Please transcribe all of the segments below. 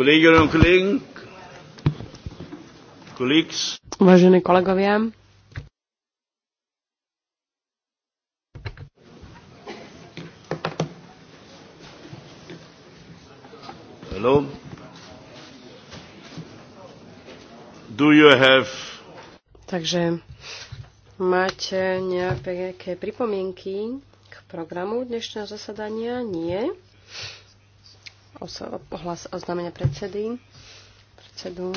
Kolleginnen und Kollegen, Vážení kolegovia, Hello. Do you have... Takže máte nejaké pripomienky k programu dnešného zasadania? Nie hlas oznámenia predsedy. Predsedu.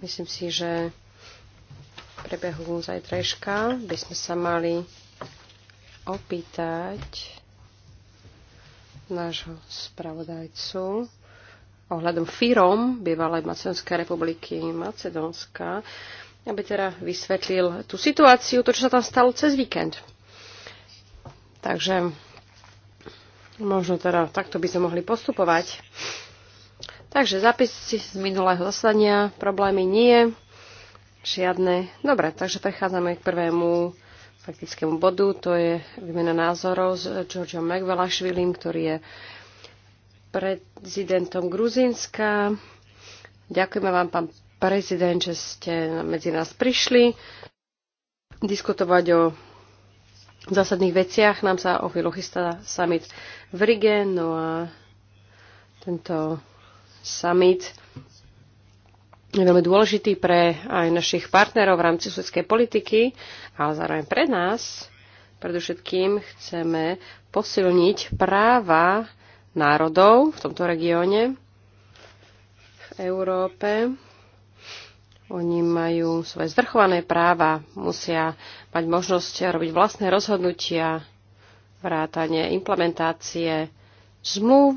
Myslím si, že v prebehu zajtrajška by sme sa mali opýtať nášho spravodajcu ohľadom firom bývalej Macedonskej republiky Macedónska, aby teda vysvetlil tú situáciu, to, čo sa tam stalo cez víkend. Takže Možno teda takto by sme mohli postupovať. Takže si z minulého zasadania, problémy nie, žiadne. Dobre, takže prechádzame k prvému faktickému bodu, to je výmena názorov s Georgiom Megvelašvilim, ktorý je prezidentom Gruzinska. Ďakujeme vám, pán prezident, že ste medzi nás prišli diskutovať o v zásadných veciach. Nám sa o chvíľu chystá summit v Rige, no a tento summit je veľmi dôležitý pre aj našich partnerov v rámci svetskej politiky, ale zároveň pre nás. Predovšetkým chceme posilniť práva národov v tomto regióne v Európe. Oni majú svoje zdrchované práva, musia mať možnosť robiť vlastné rozhodnutia, vrátanie implementácie zmluv,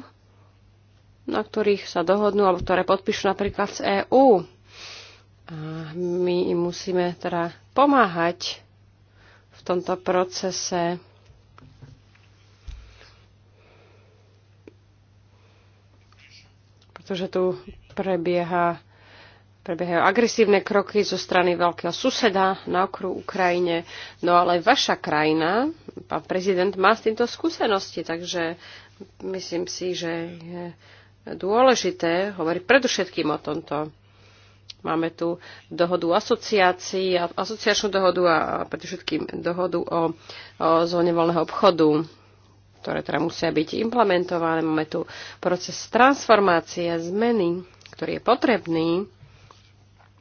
na ktorých sa dohodnú alebo ktoré podpíšu napríklad z EÚ. A my im musíme teda pomáhať v tomto procese. Pretože tu prebieha prebiehajú agresívne kroky zo strany veľkého suseda na okru Ukrajine. No ale vaša krajina, pán prezident, má s týmto skúsenosti, takže myslím si, že je dôležité hovoriť predovšetkým o tomto. Máme tu dohodu asociácií, asociačnú dohodu a predovšetkým dohodu o, o zóne voľného obchodu ktoré teda musia byť implementované. Máme tu proces transformácie, zmeny, ktorý je potrebný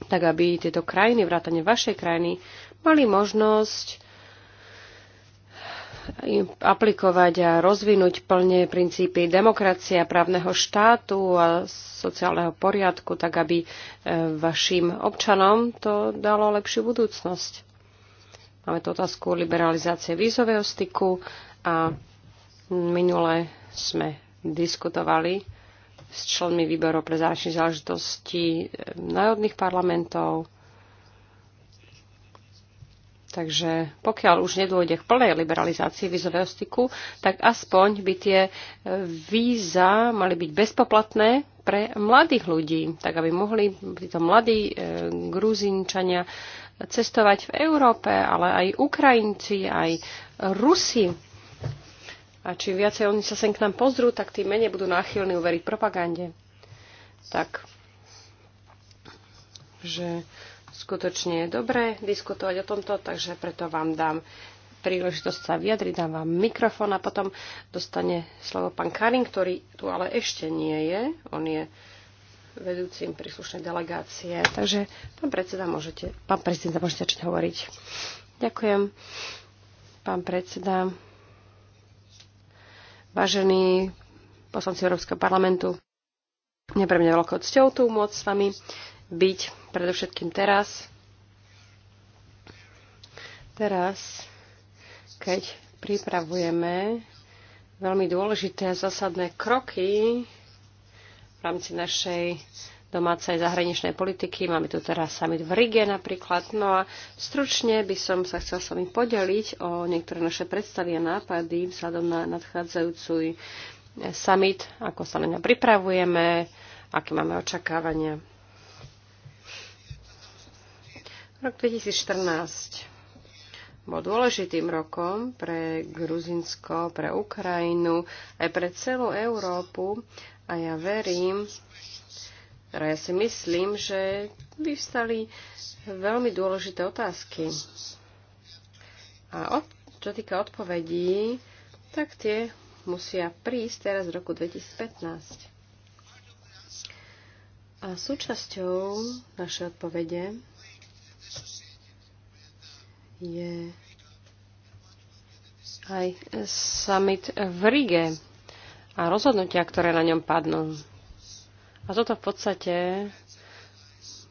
tak aby tieto krajiny, vrátane vašej krajiny, mali možnosť aplikovať a rozvinúť plne princípy demokracie, právneho štátu a sociálneho poriadku, tak aby e, vašim občanom to dalo lepšiu budúcnosť. Máme tu otázku liberalizácie vízového styku a minule sme diskutovali s členmi výborov pre zahraničné záležitosti e, národných parlamentov. Takže pokiaľ už nedôjde k plnej liberalizácii vízového styku, tak aspoň by tie e, víza mali byť bezpoplatné pre mladých ľudí, tak aby mohli títo mladí e, Gruzínčania cestovať v Európe, ale aj Ukrajinci, aj Rusi a čím viacej oni sa sem k nám pozrú, tak tým menej budú náchylní uveriť propagande. Tak, že skutočne je dobré diskutovať o tomto, takže preto vám dám príležitosť sa vyjadriť, dám vám mikrofón a potom dostane slovo pán Karin, ktorý tu ale ešte nie je. On je vedúcim príslušnej delegácie. Takže pán predseda, môžete, pán prezident, môžete začať hovoriť. Ďakujem, pán predseda vážení poslanci Európskeho parlamentu. Je pre mňa veľkou cťou tu môcť s vami byť, predovšetkým teraz. Teraz, keď pripravujeme veľmi dôležité a zásadné kroky v rámci našej domácej zahraničnej politiky. Máme tu teraz summit v Rige napríklad. No a stručne by som sa chcel s vami podeliť o niektoré naše predstavy a nápady vzhľadom na nadchádzajúcu summit, ako sa na ňa pripravujeme, aké máme očakávania. Rok 2014 bol dôležitým rokom pre Gruzinsko, pre Ukrajinu, aj pre celú Európu a ja verím, ktoré teda ja si myslím, že vyvstali veľmi dôležité otázky. A od, čo týka odpovedí, tak tie musia prísť teraz v roku 2015. A súčasťou našej odpovede je aj summit v Rige a rozhodnutia, ktoré na ňom padnú. A toto v podstate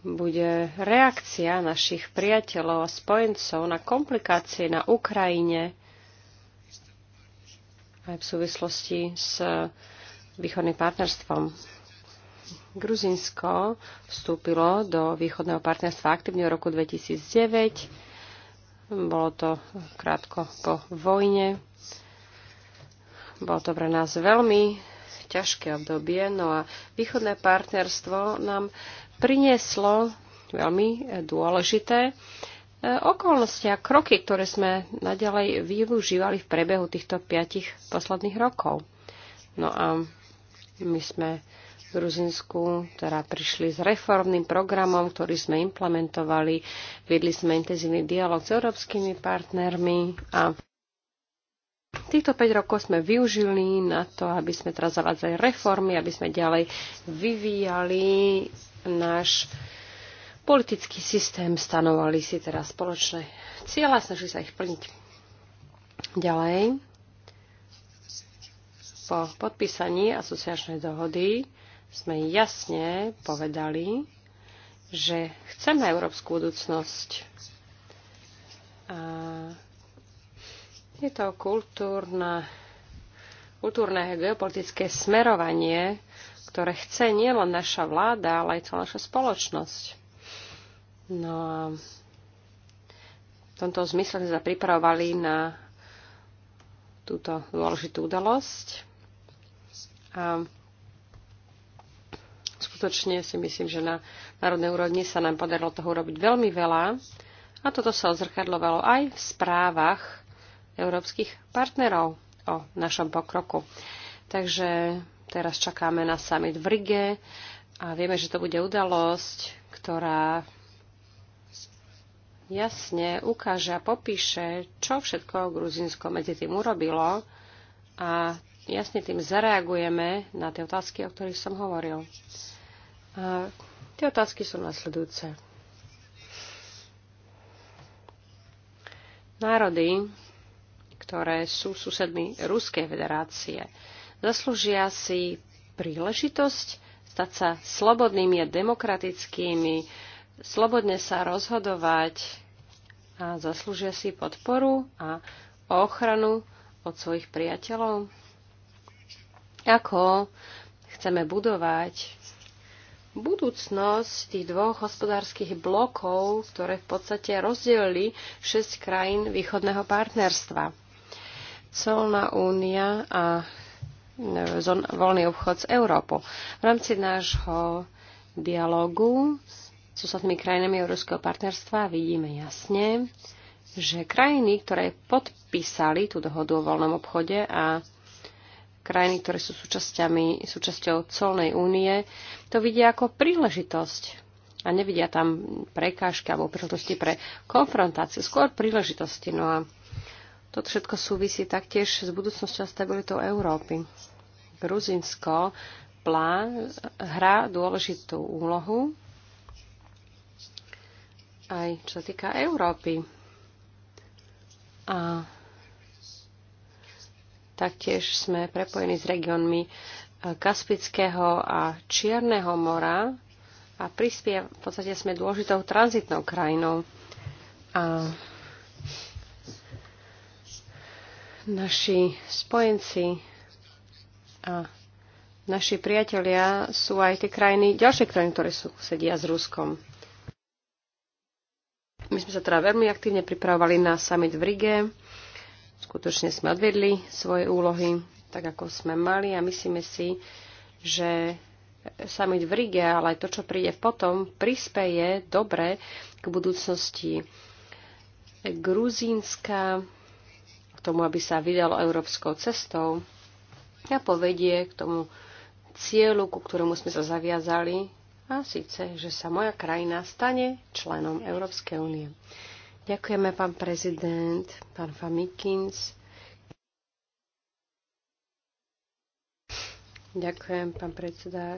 bude reakcia našich priateľov a spojencov na komplikácie na Ukrajine aj v súvislosti s východným partnerstvom. Gruzinsko vstúpilo do východného partnerstva aktívne v roku 2009. Bolo to krátko po vojne. Bolo to pre nás veľmi ťažké obdobie. No a východné partnerstvo nám prinieslo veľmi e, dôležité e, okolnosti a kroky, ktoré sme naďalej využívali v prebehu týchto piatich posledných rokov. No a my sme v Gruzinsku teda prišli s reformným programom, ktorý sme implementovali, viedli sme intenzívny dialog s európskymi partnermi a Týchto 5 rokov sme využili na to, aby sme teraz zavádzali reformy, aby sme ďalej vyvíjali náš politický systém, stanovali si teraz spoločné cieľa, snažili sa ich plniť. Ďalej, po podpísaní asociačnej dohody sme jasne povedali, že chceme európsku budúcnosť. A je to kultúrna, kultúrne geopolitické smerovanie, ktoré chce nielen naša vláda, ale aj celá naša spoločnosť. No a v tomto zmysle sme sa pripravovali na túto dôležitú udalosť. A skutočne si myslím, že na národnej úrovni sa nám podarilo toho urobiť veľmi veľa. A toto sa odzrkadlovalo aj v správach európskych partnerov o našom pokroku. Takže teraz čakáme na summit v Rige a vieme, že to bude udalosť, ktorá jasne ukáže a popíše, čo všetko Gruzinsko medzi tým urobilo a jasne tým zareagujeme na tie otázky, o ktorých som hovoril. A tie otázky sú nasledujúce. Národy ktoré sú susedmi Ruskej federácie. Zaslúžia si príležitosť stať sa slobodnými a demokratickými, slobodne sa rozhodovať a zaslúžia si podporu a ochranu od svojich priateľov. Ako chceme budovať budúcnosť tých dvoch hospodárskych blokov, ktoré v podstate rozdelili šesť krajín východného partnerstva colná únia a e, voľný obchod s Európou. V rámci nášho dialogu s ostatnými krajinami Európskeho partnerstva vidíme jasne, že krajiny, ktoré podpísali tú dohodu o voľnom obchode a krajiny, ktoré sú súčasťou colnej únie, to vidia ako príležitosť a nevidia tam prekážky alebo príležitosti pre konfrontáciu, skôr príležitosti. No a toto všetko súvisí taktiež s budúcnosťou a stabilitou Európy. Gruzinsko plán hrá dôležitú úlohu aj čo sa týka Európy. A taktiež sme prepojení s regiónmi e, Kaspického a Čierneho mora a prispie, v podstate sme dôležitou tranzitnou krajinou. A Naši spojenci a naši priatelia sú aj tie krajiny, ďalšie krajiny, ktoré sú, sedia s Ruskom. My sme sa teda veľmi aktívne pripravovali na summit v Rige. Skutočne sme odvedli svoje úlohy tak, ako sme mali a myslíme si, že summit v Rige, ale aj to, čo príde potom, prispeje dobre k budúcnosti Gruzínska, tomu, aby sa vydalo európskou cestou a povedie k tomu cieľu, ku ktorému sme sa zaviazali, a síce, že sa moja krajina stane členom Európskej únie. Ďakujeme, pán prezident, pán Famikins. Ďakujem, pán predseda.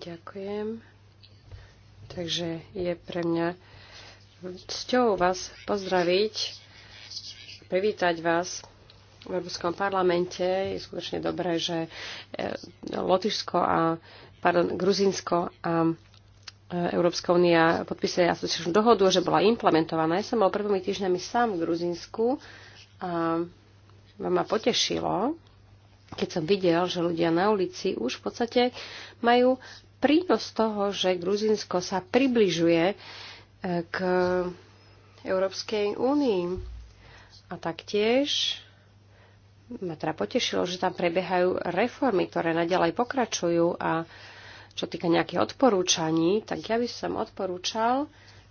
Ďakujem. Takže je pre mňa cťou vás pozdraviť, privítať vás v Európskom parlamente. Je skutočne dobré, že e, Lotyšsko a pardon, Gruzinsko a e, Európska únia podpísali asociačnú dohodu, že bola implementovaná. Ja som bol prvými týždňami sám v Gruzinsku a ma potešilo, keď som videl, že ľudia na ulici už v podstate majú prínos toho, že Gruzinsko sa približuje k Európskej únii. A taktiež ma teda potešilo, že tam prebiehajú reformy, ktoré naďalej pokračujú a čo týka nejakých odporúčaní, tak ja by som odporúčal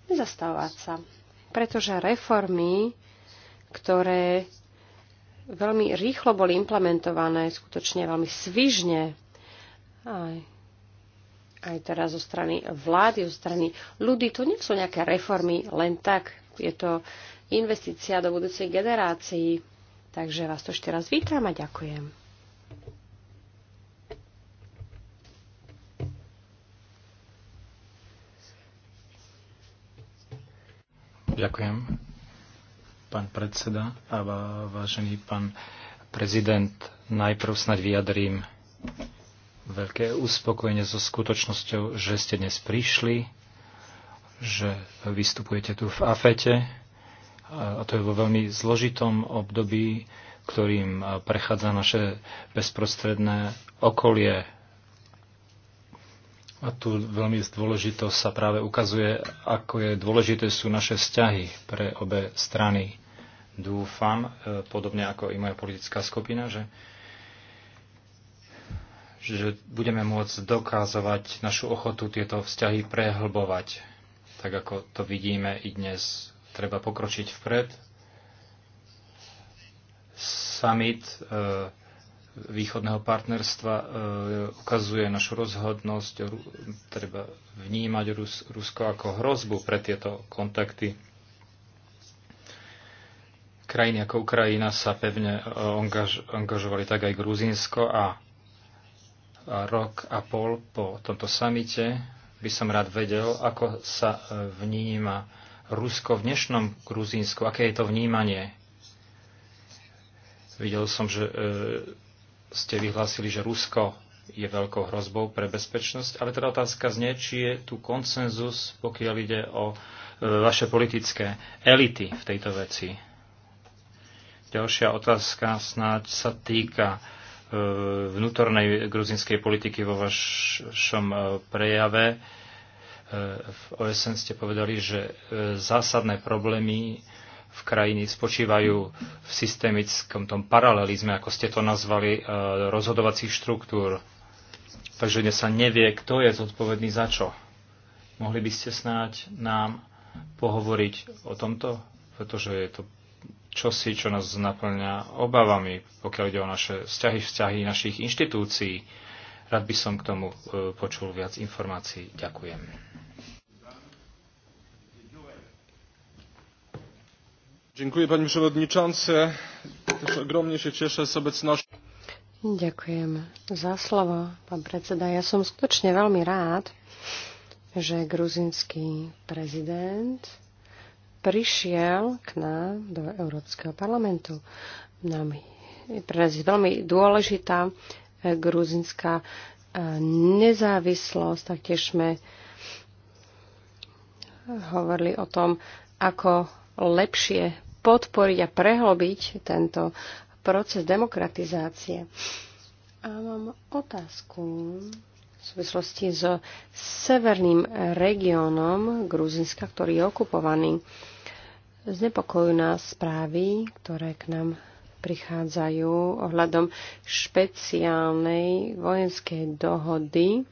nezastávať sa. Pretože reformy, ktoré veľmi rýchlo boli implementované, skutočne veľmi svižne, aj aj teraz zo strany vlády, zo strany ľudí. To nie sú nejaké reformy len tak. Je to investícia do budúcej generácií. Takže vás to ešte raz vítam a ďakujem. Ďakujem, pán predseda a vážený pán prezident. Najprv snad vyjadrím veľké uspokojenie so skutočnosťou, že ste dnes prišli, že vystupujete tu v AFETE a to je vo veľmi zložitom období, ktorým prechádza naše bezprostredné okolie. A tu veľmi dôležito sa práve ukazuje, ako je dôležité sú naše vzťahy pre obe strany. Dúfam, e, podobne ako i moja politická skupina, že že budeme môcť dokázovať našu ochotu tieto vzťahy prehlbovať. Tak ako to vidíme i dnes, treba pokročiť vpred. Summit eh, východného partnerstva eh, ukazuje našu rozhodnosť, treba vnímať Rusko ako hrozbu pre tieto kontakty. Krajiny ako Ukrajina sa pevne eh, angažovali tak aj Gruzinsko a rok a pol po tomto samite by som rád vedel, ako sa e, vníma Rusko v dnešnom Gruzínsku, aké je to vnímanie. Videl som, že e, ste vyhlásili, že Rusko je veľkou hrozbou pre bezpečnosť, ale teda otázka znie, či je tu konsenzus, pokiaľ ide o e, vaše politické elity v tejto veci. Ďalšia otázka snáď sa týka E, vnútornej gruzinskej politiky vo vašom e, prejave. E, v OSN ste povedali, že zásadné problémy v krajine spočívajú v systemickom tom paralelizme, ako ste to nazvali, rozhodovacích štruktúr. Takže dnes sa nevie, kto je zodpovedný za čo. Mohli by ste snáď nám pohovoriť o tomto? Pretože je to čosi, čo nás naplňa obavami, pokiaľ ide o naše vzťahy, vzťahy našich inštitúcií. Rád by som k tomu e, počul viac informácií. Ďakujem. Dziękuję pani przewodniczący. Też ogromnie się cieszę z obecności. Ďakujem za slovo, pán predseda. Ja som skutočne veľmi rád, že gruzinský prezident prišiel k nám do Európskeho parlamentu. Nám, pre nás je veľmi dôležitá e, gruzinská e, nezávislosť. Taktiež sme hovorili o tom, ako lepšie podporiť a prehlbiť tento proces demokratizácie. A mám otázku v súvislosti so severným regiónom Gruzinska, ktorý je okupovaný. Znepokojujú nás správy, ktoré k nám prichádzajú ohľadom špeciálnej vojenskej dohody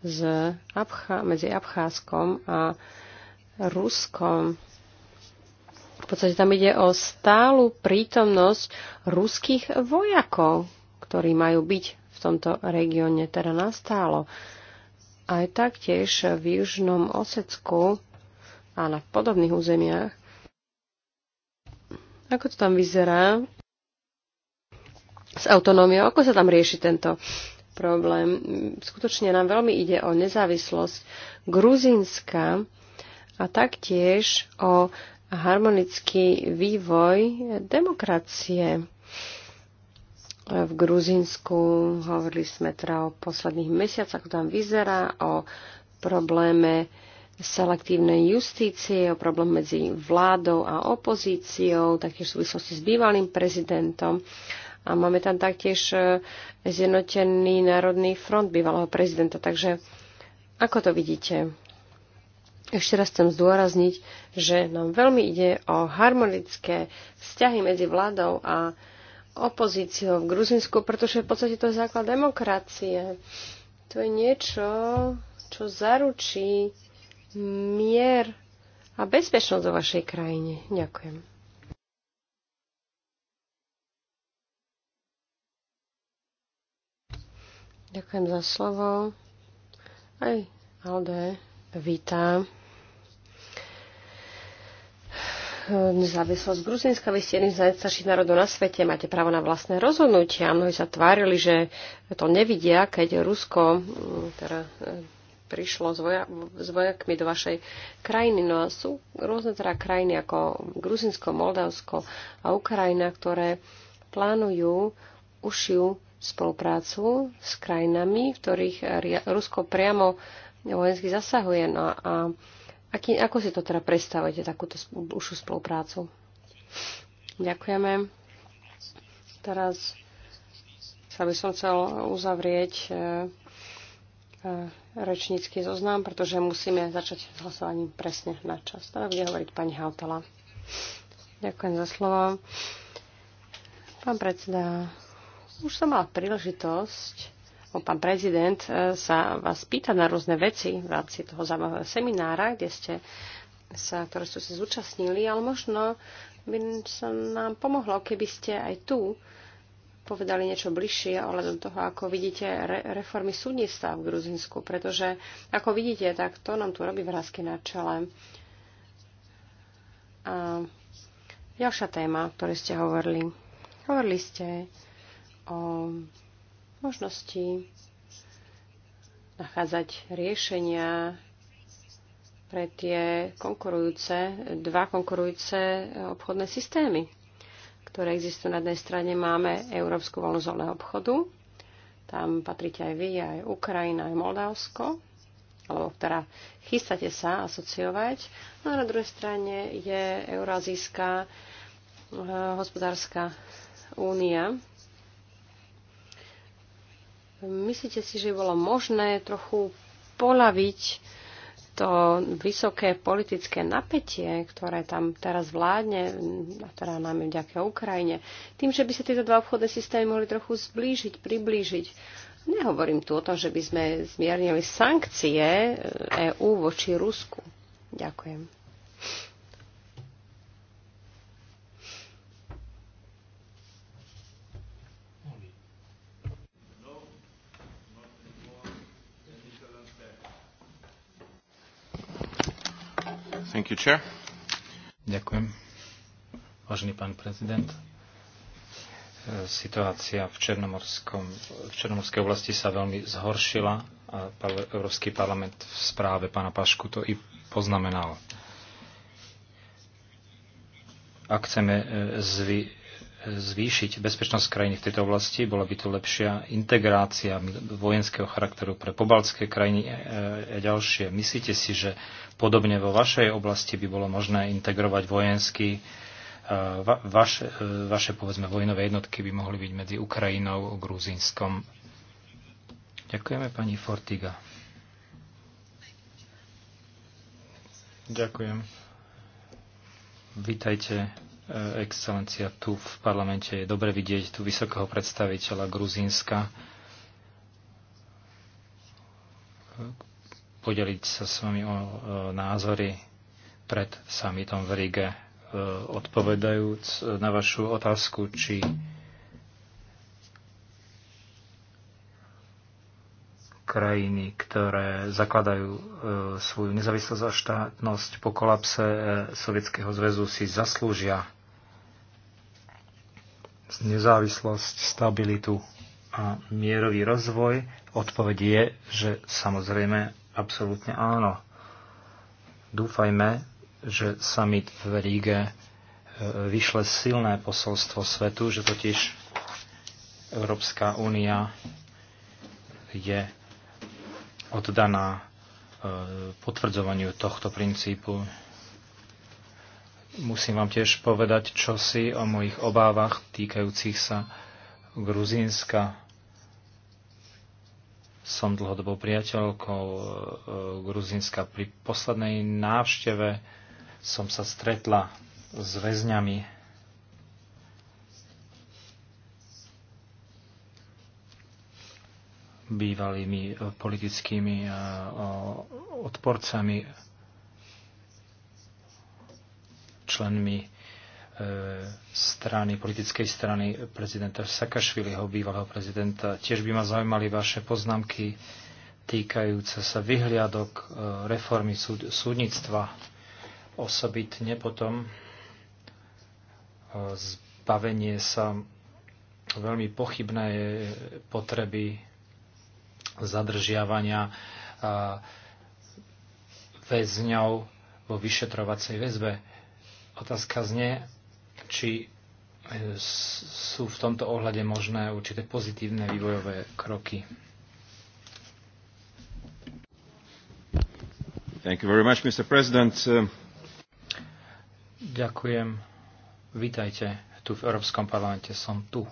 z Abcha, medzi Abcházkom a Ruskom. V podstate tam ide o stálu prítomnosť ruských vojakov, ktorí majú byť v tomto regióne teda nastálo. Aj taktiež v Južnom Osecku a na podobných územiach ako to tam vyzerá s autonómiou? Ako sa tam rieši tento problém? Skutočne nám veľmi ide o nezávislosť Gruzínska a taktiež o harmonický vývoj demokracie v Gruzínsku. Hovorili sme teda o posledných mesiacoch, ako tam vyzerá, o probléme selektívnej justície, o problém medzi vládou a opozíciou, taktiež v súvislosti s bývalým prezidentom. A máme tam taktiež e, zjednotený národný front bývalého prezidenta. Takže ako to vidíte? Ešte raz chcem zdôrazniť, že nám veľmi ide o harmonické vzťahy medzi vládou a opozíciou v Gruzinsku, pretože v podstate to je základ demokracie. To je niečo, čo zaručí mier a bezpečnosť vo vašej krajine. Ďakujem. Ďakujem za slovo. Aj Alde, vítam. Nezávislosť Gruzinska, vy ste jedným z najstarších národov na svete, máte právo na vlastné rozhodnutia. Mnohí sa tvárili, že to nevidia, keď Rusko mm, teda, prišlo s, voja- s vojakmi do vašej krajiny. No a sú rôzne teda krajiny ako Gruzinsko, Moldavsko a Ukrajina, ktoré plánujú ušiu spoluprácu s krajinami, v ktorých Rusko priamo vojensky zasahuje. No a aký, ako si to teda predstavujete, takúto ušiu spoluprácu? Ďakujeme. Teraz sa by som chcel uzavrieť e, Eh, rečnícky zoznam, pretože musíme začať s hlasovaním presne na čas. Teda bude hovoriť pani Hautala. Ďakujem za slovo. Pán predseda, už som mala príležitosť, o pán prezident, eh, sa vás pýtať na rôzne veci v rámci toho zaujímavého seminára, kde ste sa, ktoré ste sa zúčastnili, ale možno by sa nám pomohlo, keby ste aj tu povedali niečo bližšie ohľadom toho, ako vidíte re- reformy súdnictva v Gruzinsku, pretože ako vidíte, tak to nám tu robí vrázky na čele. A ďalšia téma, o ktorej ste hovorili. Hovorili ste o možnosti nachádzať riešenia pre tie konkurujúce, dva konkurujúce obchodné systémy ktoré existujú. Na jednej strane máme Európsku voľnú zónu obchodu, tam patríte aj vy, aj Ukrajina, aj Moldavsko, alebo ktorá teda chystáte sa asociovať. No a na druhej strane je Eurázijská eh, hospodárska únia. Myslíte si, že bolo možné trochu polaviť to vysoké politické napätie, ktoré tam teraz vládne, a teda je vďaka Ukrajine, tým, že by sa tieto dva obchodné systémy mohli trochu zblížiť, priblížiť. Nehovorím tu o tom, že by sme zmiernili sankcie EÚ eh, e voči Rusku. Ďakujem. Thank you, chair. Ďakujem. Vážený pán prezident, e, situácia v, Černomorskom, v Černomorskej oblasti sa veľmi zhoršila a Európsky parlament v správe pána Pašku to i poznamenal. Ak chceme e, zvy, zvýšiť bezpečnosť krajiny v tejto oblasti. Bola by to lepšia integrácia vojenského charakteru pre pobaltské krajiny a ďalšie. Myslíte si, že podobne vo vašej oblasti by bolo možné integrovať vojenský e, va, vaše, vaše povedzme vojnové jednotky by mohli byť medzi Ukrajinou a Gruzínskom. Ďakujeme pani Fortiga. Ďakujem. Vítajte E, excelencia, tu v parlamente je dobre vidieť tu vysokého predstaviteľa Gruzínska. Podeliť sa s vami o e, názory pred samitom v Rige, e, odpovedajúc na vašu otázku, či krajiny, ktoré zakladajú svoju nezávislosť a štátnosť po kolapse Sovietskeho zväzu si zaslúžia nezávislosť, stabilitu a mierový rozvoj? Odpoveď je, že samozrejme absolútne áno. Dúfajme, že summit v Ríge e, vyšle silné posolstvo svetu, že totiž Európska únia je oddaná e, potvrdzovaniu tohto princípu Musím vám tiež povedať čosi o mojich obávach týkajúcich sa Gruzínska. Som dlhodobo priateľkou e, Gruzínska. Pri poslednej návšteve som sa stretla s väzňami bývalými e, politickými e, odporcami členmi e, strany, politickej strany prezidenta Sakašviliho, bývalého prezidenta. Tiež by ma zaujímali vaše poznámky týkajúce sa vyhliadok e, reformy súd, súdnictva, osobitne potom e, zbavenie sa veľmi pochybné potreby zadržiavania väzňov vo vyšetrovacej väzbe Otázka znie, či e, sú v tomto ohľade možné určité pozitívne vývojové kroky. Thank you very much, Mr. President. Ďakujem. Vítajte tu v Európskom parlamente. Som tu.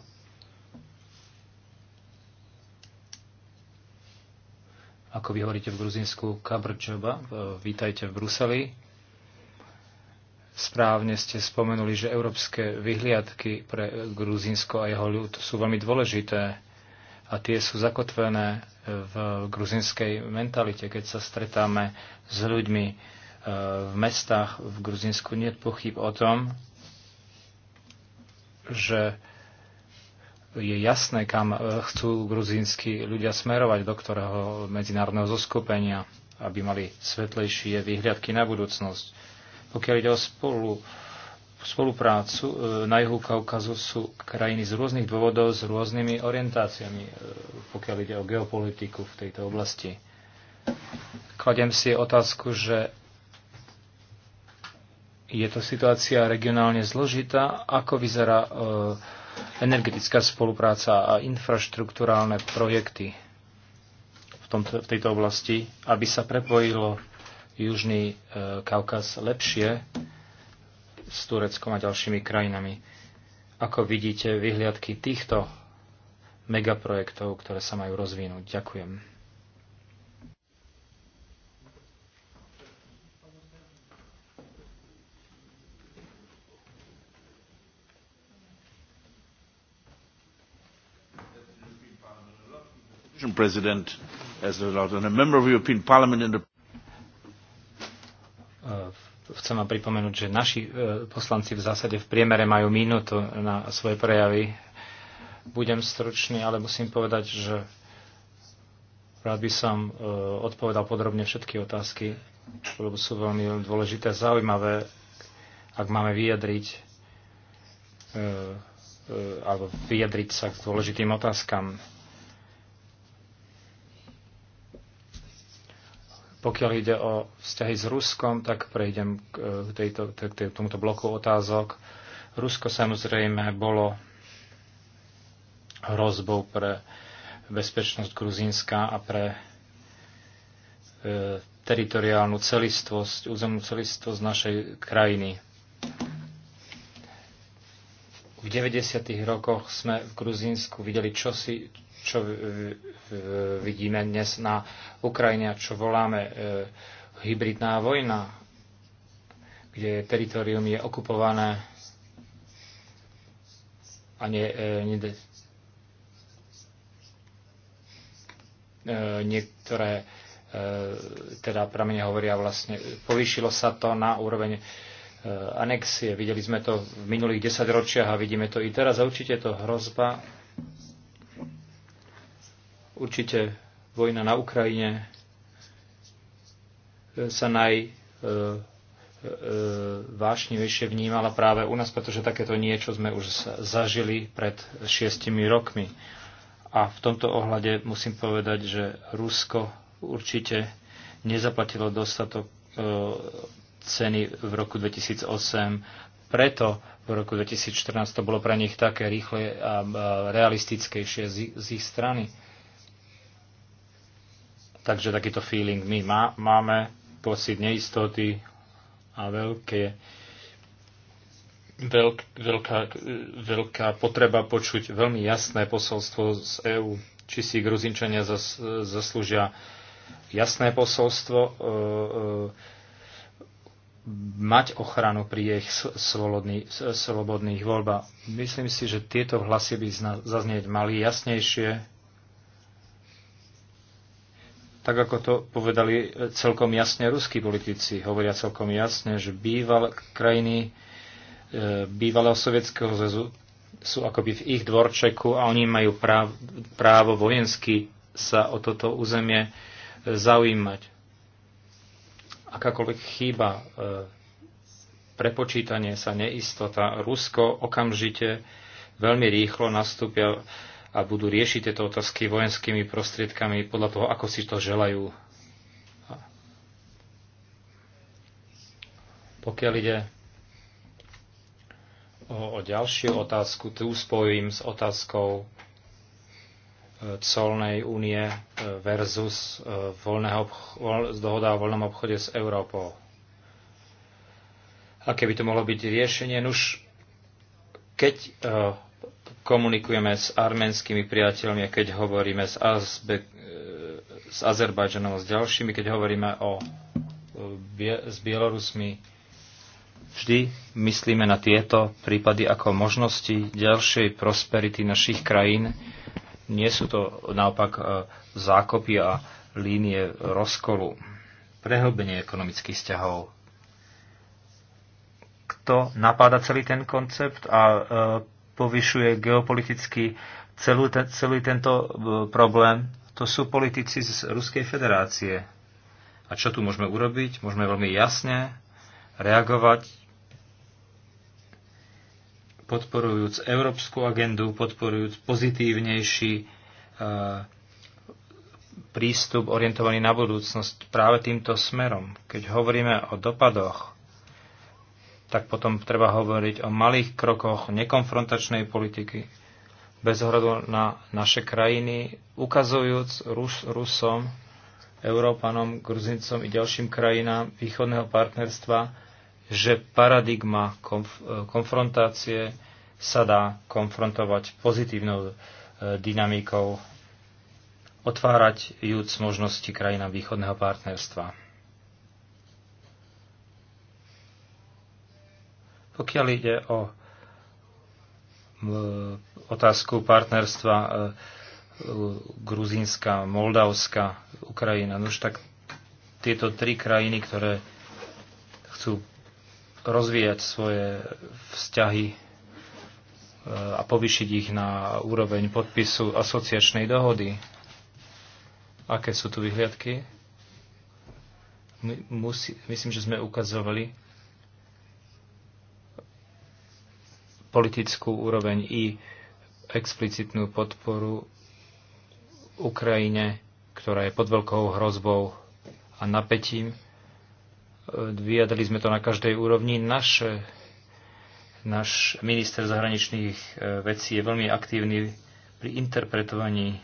Ako vy hovoríte v Gruzinsku, Kabrčoba, Vítajte v Bruseli. Správne ste spomenuli, že európske vyhliadky pre Gruzinsko a jeho ľud sú veľmi dôležité a tie sú zakotvené v gruzinskej mentalite. Keď sa stretáme s ľuďmi eh, v mestách v Gruzinsku, nie je pochyb o tom, že je jasné, kam eh, chcú gruzínsky ľudia smerovať, do ktorého medzinárodného zoskupenia, aby mali svetlejšie výhľadky na budúcnosť. Pokiaľ ide o spolu, spoluprácu e, na juhu Kaukazu sú krajiny z rôznych dôvodov, s rôznymi orientáciami, e, pokiaľ ide o geopolitiku v tejto oblasti. Kladem si otázku, že je to situácia regionálne zložitá, ako vyzerá e, energetická spolupráca a infraštruktúrálne projekty v, tomto, v tejto oblasti, aby sa prepojilo Južný e, Kaukaz lepšie s Tureckom a ďalšími krajinami. Ako vidíte vyhliadky týchto megaprojektov, ktoré sa majú rozvinúť? Ďakujem. president as a member of the european parliament and the E, chcem vám pripomenúť, že naši e, poslanci v zásade v priemere majú minútu na svoje prejavy. Budem stručný, ale musím povedať, že rád by som e, odpovedal podrobne všetky otázky, lebo sú veľmi dôležité a zaujímavé, ak máme vyjadriť alebo vyjadriť sa k dôležitým otázkam. Pokiaľ ide o vzťahy s Ruskom, tak prejdem k, e, tejto, k tomuto bloku otázok. Rusko samozrejme bolo hrozbou pre bezpečnosť Gruzínska a pre e, teritoriálnu celistvosť, územnú celistvosť našej krajiny v 90. rokoch sme v Gruzínsku videli čosi, čo e, e, vidíme dnes na Ukrajine, čo voláme e, hybridná vojna, kde teritorium je okupované a nie, nie, niektoré teda pramene hovoria vlastne, povýšilo sa to na úroveň Eh, anexie. Videli sme to v minulých desaťročiach a vidíme to i teraz. A určite je to hrozba. Určite vojna na Ukrajine eh, sa naj eh, vášnivejšie vnímala práve u nás, pretože takéto niečo sme už zažili pred šiestimi rokmi. A v tomto ohľade musím povedať, že Rusko určite nezaplatilo dostatok ceny v roku 2008. Preto v roku 2014 to bolo pre nich také rýchle a realistickejšie z ich strany. Takže takýto feeling my má, máme, pocit neistoty a veľké, veľk, veľká, veľká potreba počuť veľmi jasné posolstvo z EÚ. Či si Gruzinčania zas, zaslúžia jasné posolstvo, e, e, mať ochranu pri ich slobodných voľbách. Myslím si, že tieto hlasy by zaznieť mali jasnejšie, tak ako to povedali e, celkom jasne ruskí politici. Hovoria celkom jasne, že býval krajiny e, bývalého sovietského zväzu sú akoby v ich dvorčeku a oni majú práv, právo vojensky sa o toto územie e, zaujímať akákoľvek chyba, e, prepočítanie sa, neistota, Rusko okamžite veľmi rýchlo nastúpia a budú riešiť tieto otázky vojenskými prostriedkami podľa toho, ako si to želajú. Pokiaľ ide o, o ďalšiu otázku, tu spojím s otázkou colnej únie e, versus e, voľného, dohoda o voľnom obchode s Európou. A keby to mohlo byť riešenie, nuž keď e, komunikujeme s arménskymi priateľmi a keď hovoríme s, Azbe- s Azerbajdžanom a s ďalšími, keď hovoríme o, s Bielorusmi, vždy myslíme na tieto prípady ako možnosti ďalšej prosperity našich krajín, nie sú to naopak e, zákopy a línie rozkolu. Prehlbenie ekonomických vzťahov. Kto napáda celý ten koncept a e, povyšuje geopoliticky celú ten, celý tento e, problém, to sú politici z Ruskej federácie. A čo tu môžeme urobiť? Môžeme veľmi jasne reagovať podporujúc európsku agendu, podporujúc pozitívnejší e, prístup orientovaný na budúcnosť práve týmto smerom. Keď hovoríme o dopadoch, tak potom treba hovoriť o malých krokoch nekonfrontačnej politiky bez ohľadu na naše krajiny, ukazujúc Rus, Rusom, Európanom, Gruzincom i ďalším krajinám východného partnerstva, že paradigma konf- e, konfrontácie sa dá konfrontovať pozitívnou e, dynamikou, otvárať júc možnosti krajina východného partnerstva. Pokiaľ ide o otázku partnerstva e, Gruzínska, Moldavska, Ukrajina, nož tak tieto tri krajiny, ktoré chcú rozvíjať svoje vzťahy e, a povyšiť ich na úroveň podpisu asociačnej dohody. Aké sú tu vyhliadky? My, musí, myslím, že sme ukazovali politickú úroveň i explicitnú podporu Ukrajine, ktorá je pod veľkou hrozbou a napätím Vyjadrili sme to na každej úrovni. Náš naš minister zahraničných e, vecí je veľmi aktívny pri interpretovaní e,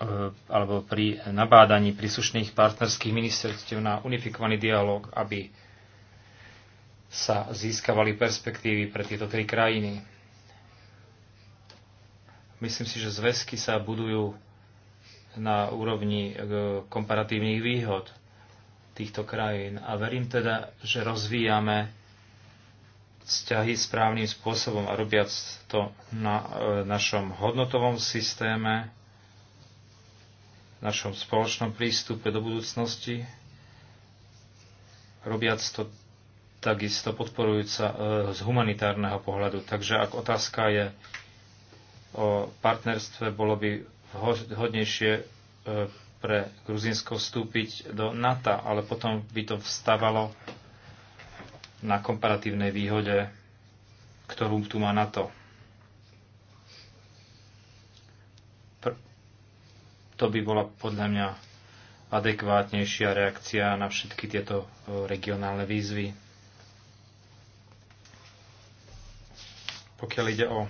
e, alebo pri nabádaní príslušných partnerských ministerstiev na unifikovaný dialog, aby sa získavali perspektívy pre tieto tri krajiny. Myslím si, že zväzky sa budujú na úrovni e, komparatívnych výhod týchto krajín. A verím teda, že rozvíjame vzťahy správnym spôsobom a robiac to na e, našom hodnotovom systéme, našom spoločnom prístupe do budúcnosti, robiac to takisto podporujúca e, z humanitárneho pohľadu. Takže ak otázka je o partnerstve, bolo by hodnejšie e, pre Gruzinsko vstúpiť do NATO, ale potom by to vstávalo na komparatívnej výhode, ktorú tu má NATO. Pr- to by bola podľa mňa adekvátnejšia reakcia na všetky tieto e, regionálne výzvy. Pokiaľ ide o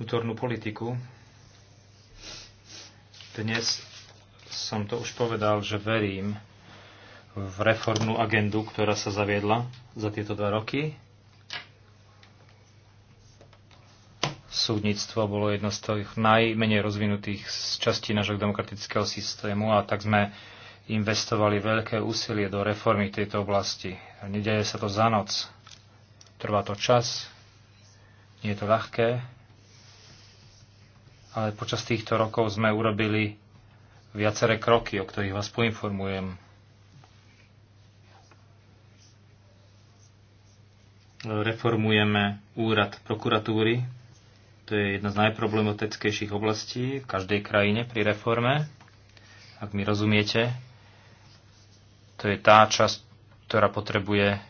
vnútornú politiku. Dnes som to už povedal, že verím v reformnú agendu, ktorá sa zaviedla za tieto dva roky. Súdnictvo bolo jedno z tých najmenej rozvinutých z častí nášho demokratického systému a tak sme investovali veľké úsilie do reformy tejto oblasti. Nedeje sa to za noc. Trvá to čas, nie je to ľahké ale počas týchto rokov sme urobili viaceré kroky, o ktorých vás poinformujem. Reformujeme úrad prokuratúry. To je jedna z najproblematickejších oblastí v každej krajine pri reforme. Ak mi rozumiete, to je tá časť, ktorá potrebuje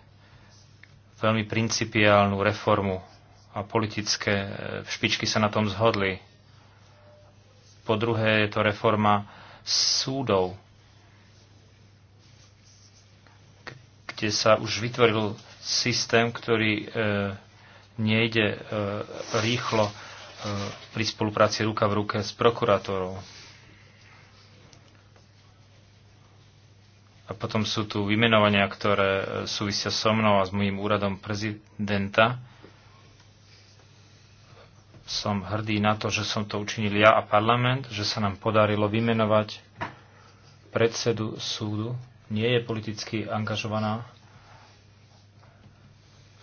veľmi principiálnu reformu a politické špičky sa na tom zhodli po druhé je to reforma súdov, kde sa už vytvoril systém, ktorý e, nejde e, rýchlo e, pri spolupráci ruka v ruke s prokurátorou. A potom sú tu vymenovania, ktoré e, súvisia so mnou a s mojím úradom prezidenta. Som hrdý na to, že som to učinil ja a parlament, že sa nám podarilo vymenovať predsedu súdu. Nie je politicky angažovaná.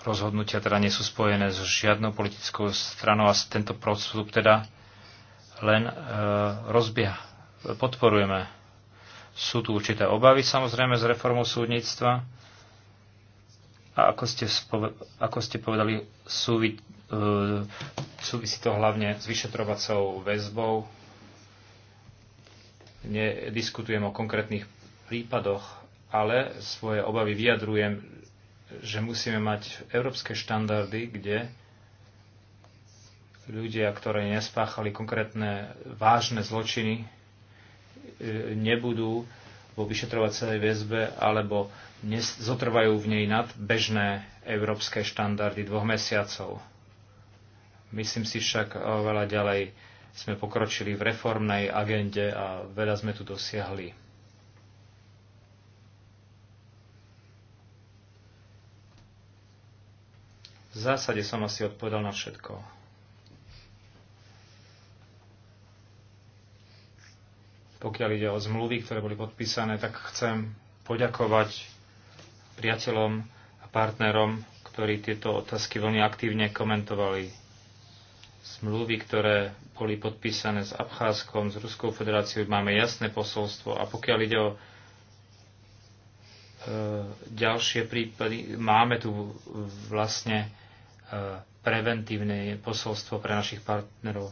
Rozhodnutia teda nie sú spojené s žiadnou politickou stranou a tento prostup teda len e, rozbieha. Podporujeme. Sú tu určité obavy samozrejme z reformou súdnictva. A ako ste, ako ste povedali, súvi, e, Súvisí to hlavne s vyšetrovacou väzbou. Nediskutujem o konkrétnych prípadoch, ale svoje obavy vyjadrujem, že musíme mať európske štandardy, kde ľudia, ktorí nespáchali konkrétne vážne zločiny, e, nebudú vo vyšetrovacej väzbe alebo zotrvajú v nej nad bežné európske štandardy dvoch mesiacov. Myslím si však oveľa eh, ďalej sme pokročili v reformnej agende a veľa sme tu dosiahli. V zásade som asi odpovedal na všetko. Pokiaľ ide o zmluvy, ktoré boli podpísané, tak chcem poďakovať priateľom a partnerom, ktorí tieto otázky veľmi aktívne komentovali zmluvy, ktoré boli podpísané s Abcházkom, s Ruskou federáciou, máme jasné posolstvo. A pokiaľ ide o e, ďalšie prípady, máme tu vlastne e, preventívne posolstvo pre našich partnerov.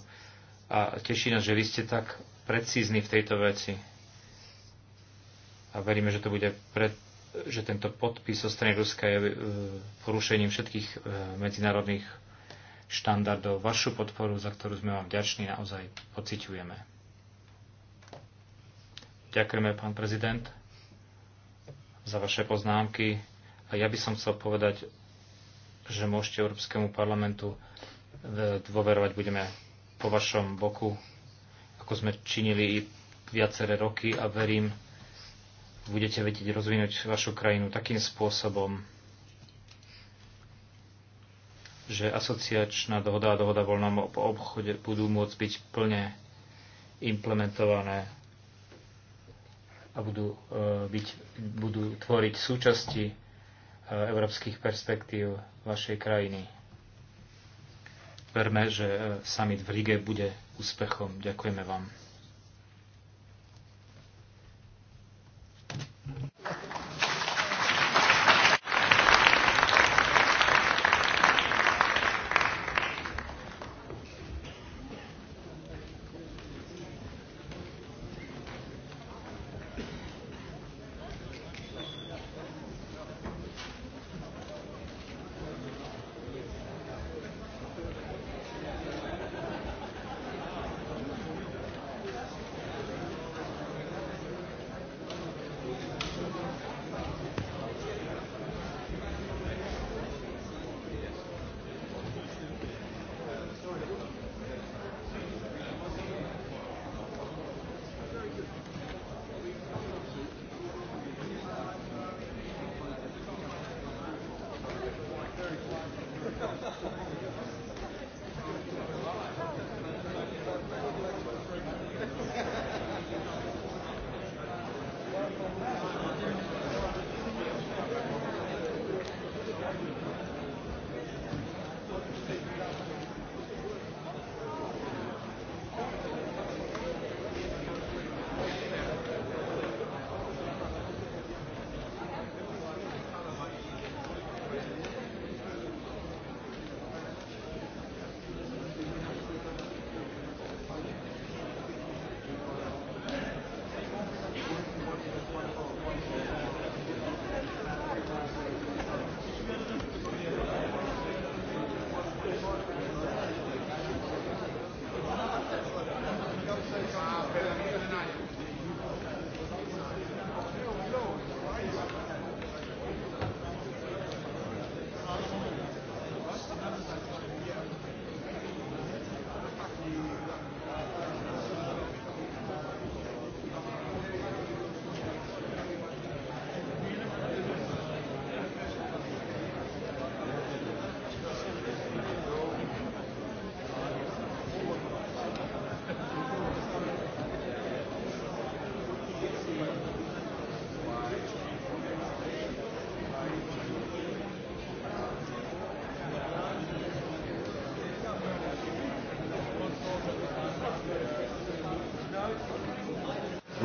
A teší nás, že vy ste tak precízni v tejto veci. A veríme, že to bude pred, že tento podpis zo strany Ruska je e, porušením všetkých e, medzinárodných štandardov. Vašu podporu, za ktorú sme vám vďační, naozaj pociťujeme. Ďakujeme, pán prezident, za vaše poznámky. A ja by som chcel povedať, že môžete Európskemu parlamentu e, dôverovať. Budeme po vašom boku, ako sme činili i viaceré roky a verím, budete vedieť rozvinúť vašu krajinu takým spôsobom, že asociačná dohoda a dohoda voľnom po obchode budú môcť byť plne implementované a budú, e, byť, budú tvoriť súčasti e, európskych perspektív vašej krajiny. Verme, že e, summit v Rige bude úspechom. Ďakujeme vám.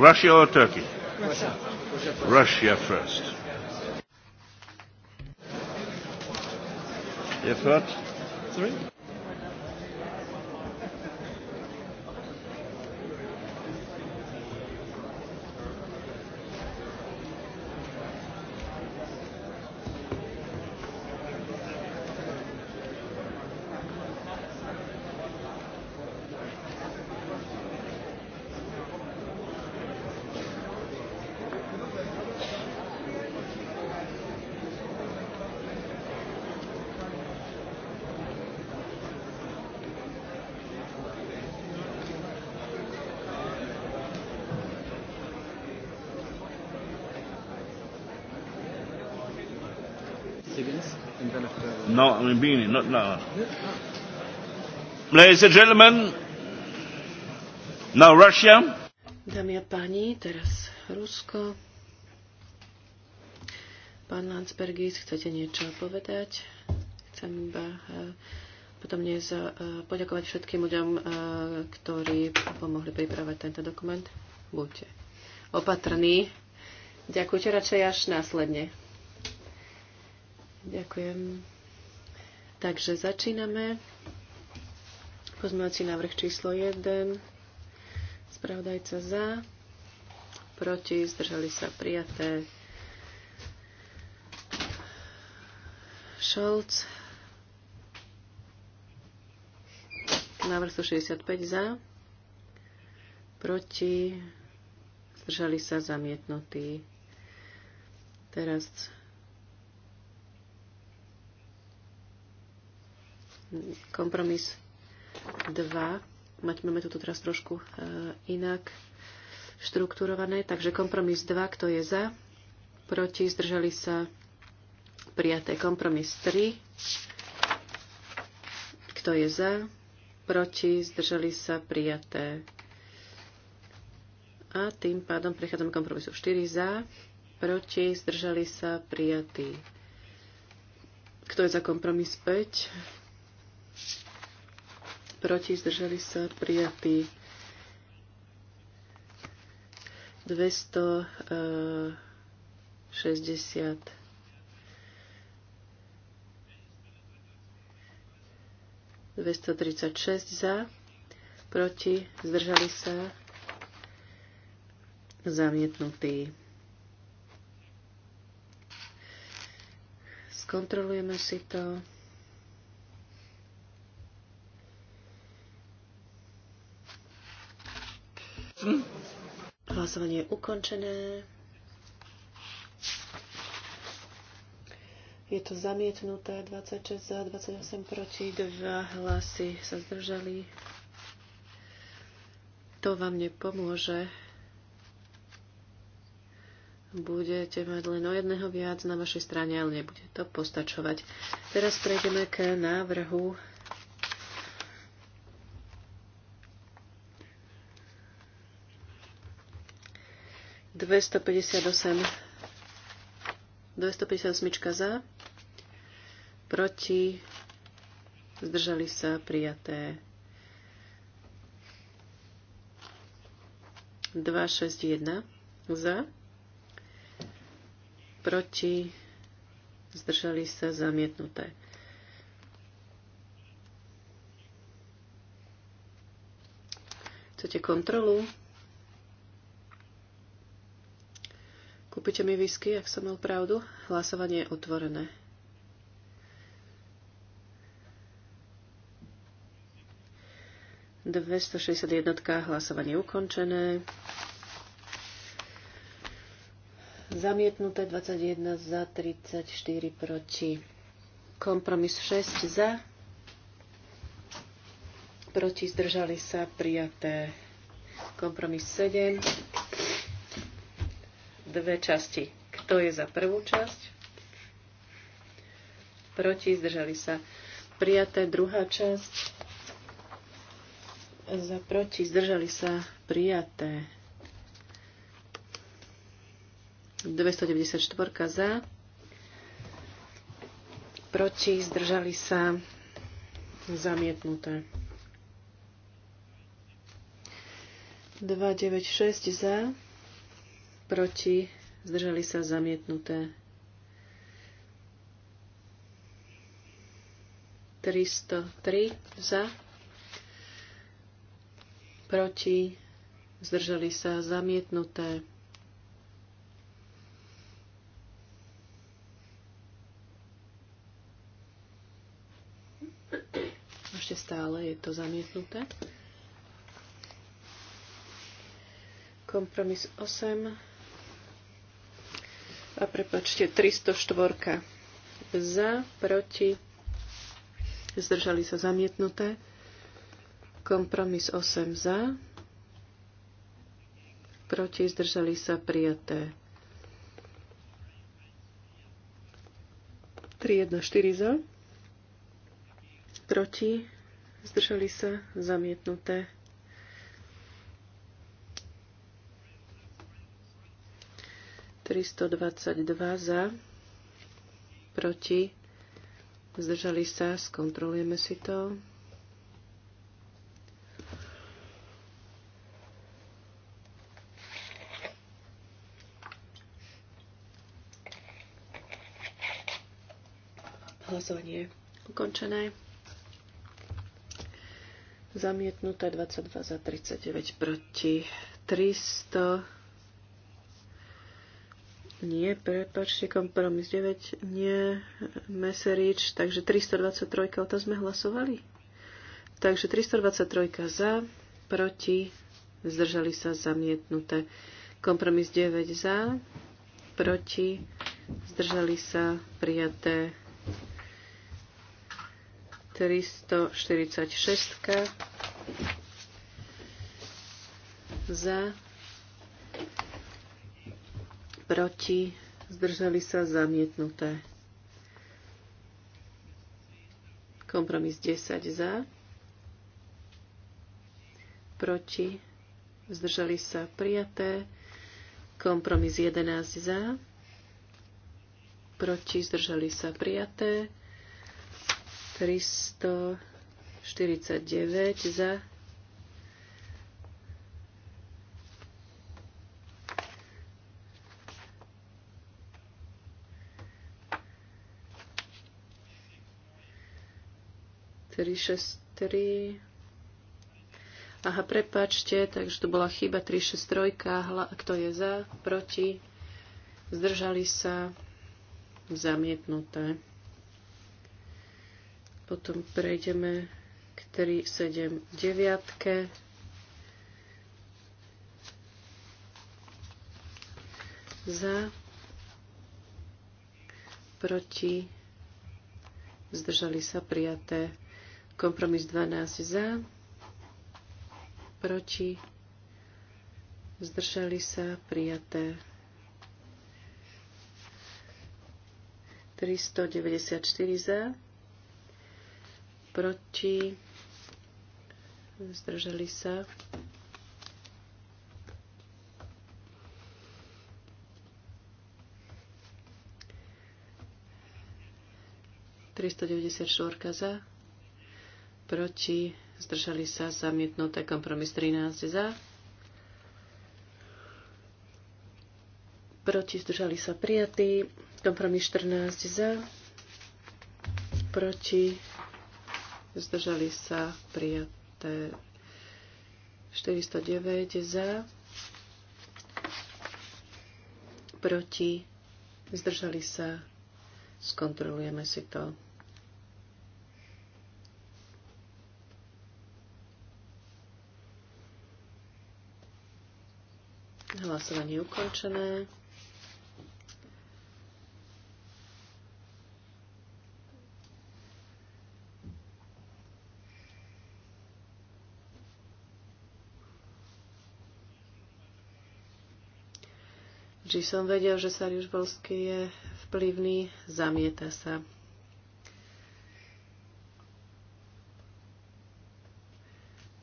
Russia or Turkey? Russia. Russia first. Ihr hört? Sorry? Gambini, not now. Ladies and gentlemen, now Russia. Dámy a páni, teraz Rusko. Pán Landsbergis, chcete niečo povedať? Chcem iba eh, potom dnes eh, poďakovať všetkým ľuďom, eh, ktorí pomohli pripravať tento dokument. Buďte opatrní. Ďakujte radšej až následne. Ďakujem. Takže začíname. Pozmeňovací návrh číslo 1. Spravodajca za. Proti. Zdržali sa prijaté. Šolc. Návrh 165 za. Proti. Zdržali sa zamietnutí. Teraz kompromis 2. Mať, máme tu teraz trošku e, inak štrukturované. Takže kompromis 2, kto je za, proti, zdržali sa prijaté. Kompromis 3, kto je za, proti, zdržali sa prijaté. A tým pádom prechádzame kompromisu 4 za, proti, zdržali sa prijatí. Kto je za kompromis 5? proti, zdržali sa prijatí. 260. 236 eh, za, proti, zdržali sa, zamietnutý. Skontrolujeme si to. Hlasovanie je ukončené. Je to zamietnuté 26 za 28 proti, 2 hlasy sa zdržali. To vám nepomôže. Budete mať len o jedného viac na vašej strane, ale nebude to postačovať. Teraz prejdeme k návrhu 258. 258 za. Proti. Zdržali sa prijaté. 261 za. Proti. Zdržali sa zamietnuté. Chcete kontrolu? Kúpite mi whisky, ak som mal pravdu? Hlasovanie je otvorené. jednotka hlasovanie ukončené. Zamietnuté 21 za 34 proti. Kompromis 6 za. Proti zdržali sa prijaté. Kompromis 7 dve časti. Kto je za prvú časť? Proti, zdržali sa. Prijaté druhá časť. Za proti, zdržali sa. Prijaté. 294 za. Proti, zdržali sa. Zamietnuté. 296 za proti, zdržali sa zamietnuté. 303 za, proti, zdržali sa zamietnuté. Ešte stále je to zamietnuté. Kompromis 8 a prepačte, 304 za, proti, zdržali sa zamietnuté. Kompromis 8 za, proti, zdržali sa prijaté. 3, 1, 4 za, proti, zdržali sa zamietnuté. 322 za, proti, zdržali sa, skontrolujeme si to. Hlasovanie je ukončené. Zamietnuté 22 za 39 proti 300. Nie, prepačte, kompromis 9, nie, Meserič, takže 323, o to sme hlasovali. Takže 323 za, proti, zdržali sa zamietnuté. Kompromis 9 za, proti, zdržali sa prijaté 346 za, proti, zdržali sa zamietnuté. Kompromis 10 za, proti, zdržali sa prijaté. Kompromis 11 za, proti, zdržali sa prijaté. 349 za, 363. Aha, prepačte, takže tu bola chyba 363. Hla, kto je za? Proti? Zdržali sa? Zamietnuté. Potom prejdeme k 379. Za? Proti? Zdržali sa prijaté Kompromis 12 za, proti, zdržali sa, prijaté. 394 za, proti, zdržali sa. Tristo deväťdesiat za, proti, zdržali sa zamietnuté kompromis 13 za, proti, zdržali sa prijatý, kompromis 14 za, proti, zdržali sa prijaté 409 za, proti, zdržali sa, skontrolujeme si to. Hlasovanie ukončené. Či som vedel, že Sariuš Bolsky je vplyvný, zamieta sa.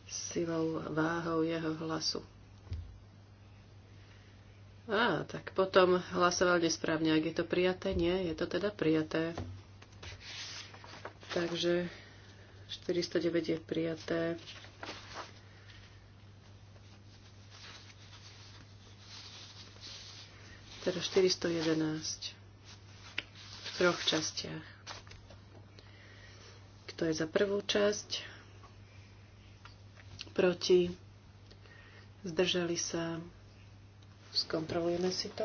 Silou váhou jeho hlasu. Á, tak potom hlasoval nesprávne. Ak je to prijaté, nie, je to teda prijaté. Takže 409 je prijaté. Teda 411 v troch častiach. Kto je za prvú časť? Proti? Zdržali sa? Skontrolujeme si to.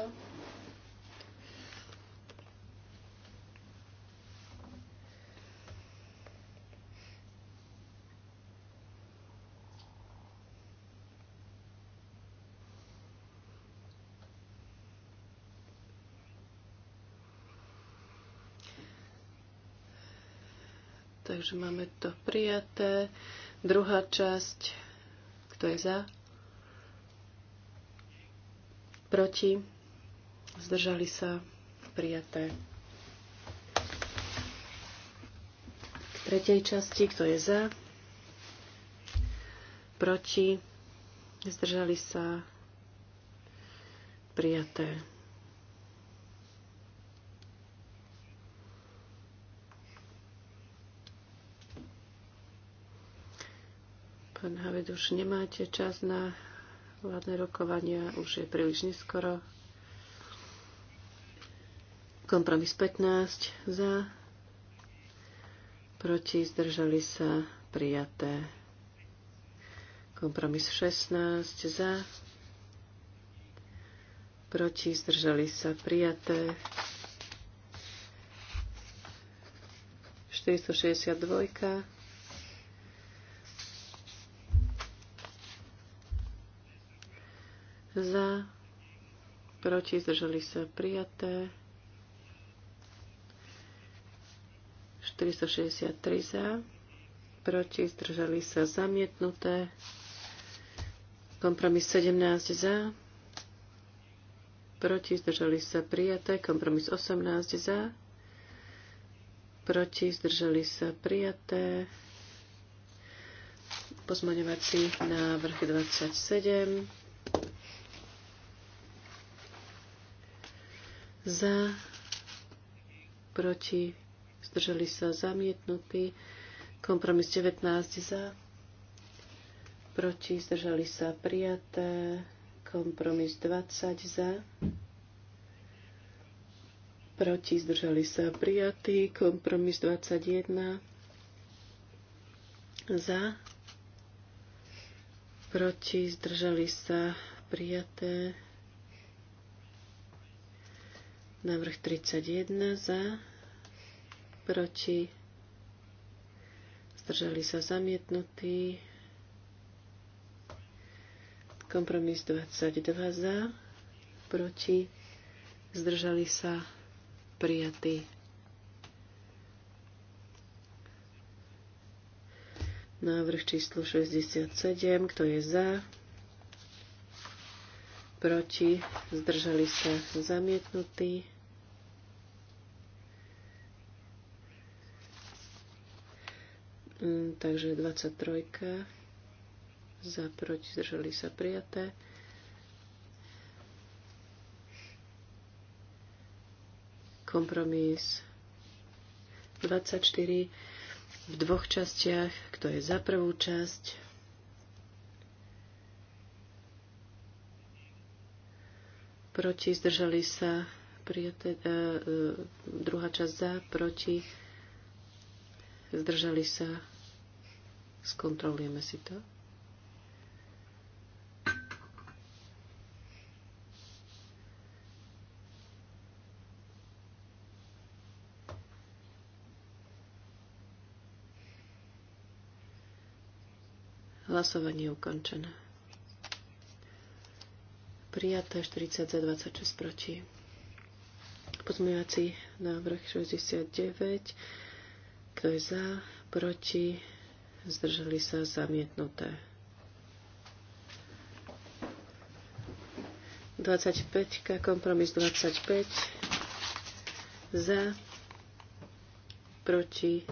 Takže máme to prijaté. Druhá časť. Kto je za? proti, zdržali sa, prijaté. K tretej časti, kto je za, proti, zdržali sa, prijaté. Pán Haved, už nemáte čas na vládne rokovania, už je príliš neskoro. Kompromis 15 za, proti zdržali sa prijaté. Kompromis 16 za, proti zdržali sa prijaté. 462 za, proti, zdržali sa prijaté. 463 za, proti, zdržali sa zamietnuté. Kompromis 17 za, proti, zdržali sa prijaté. Kompromis 18 za, proti, zdržali sa prijaté. Pozmaňovací návrh 27 za, proti, zdržali sa zamietnutí, kompromis 19 za, proti, zdržali sa prijaté, kompromis 20 za, proti, zdržali sa prijatí, kompromis 21 za, proti, zdržali sa prijaté, Návrh 31 za, proti, zdržali sa zamietnutí. Kompromis 22 za, proti, zdržali sa prijatí. Návrh číslo 67, kto je za, proti, zdržali sa zamietnutí. Mm, takže 23. Za proti zdržali sa prijaté. Kompromis 24 v dvoch častiach. Kto je za prvú časť? proti, zdržali sa, prijaté, e, e, druhá časť za, proti, zdržali sa, Skontrolujeme si to. Hlasovanie je ukončené. Prijaté 40 za 26 proti. Pozmeňovací návrh 69. Kto je za? Proti? zdržali sa zamietnuté. 25, kompromis 25, za, proti,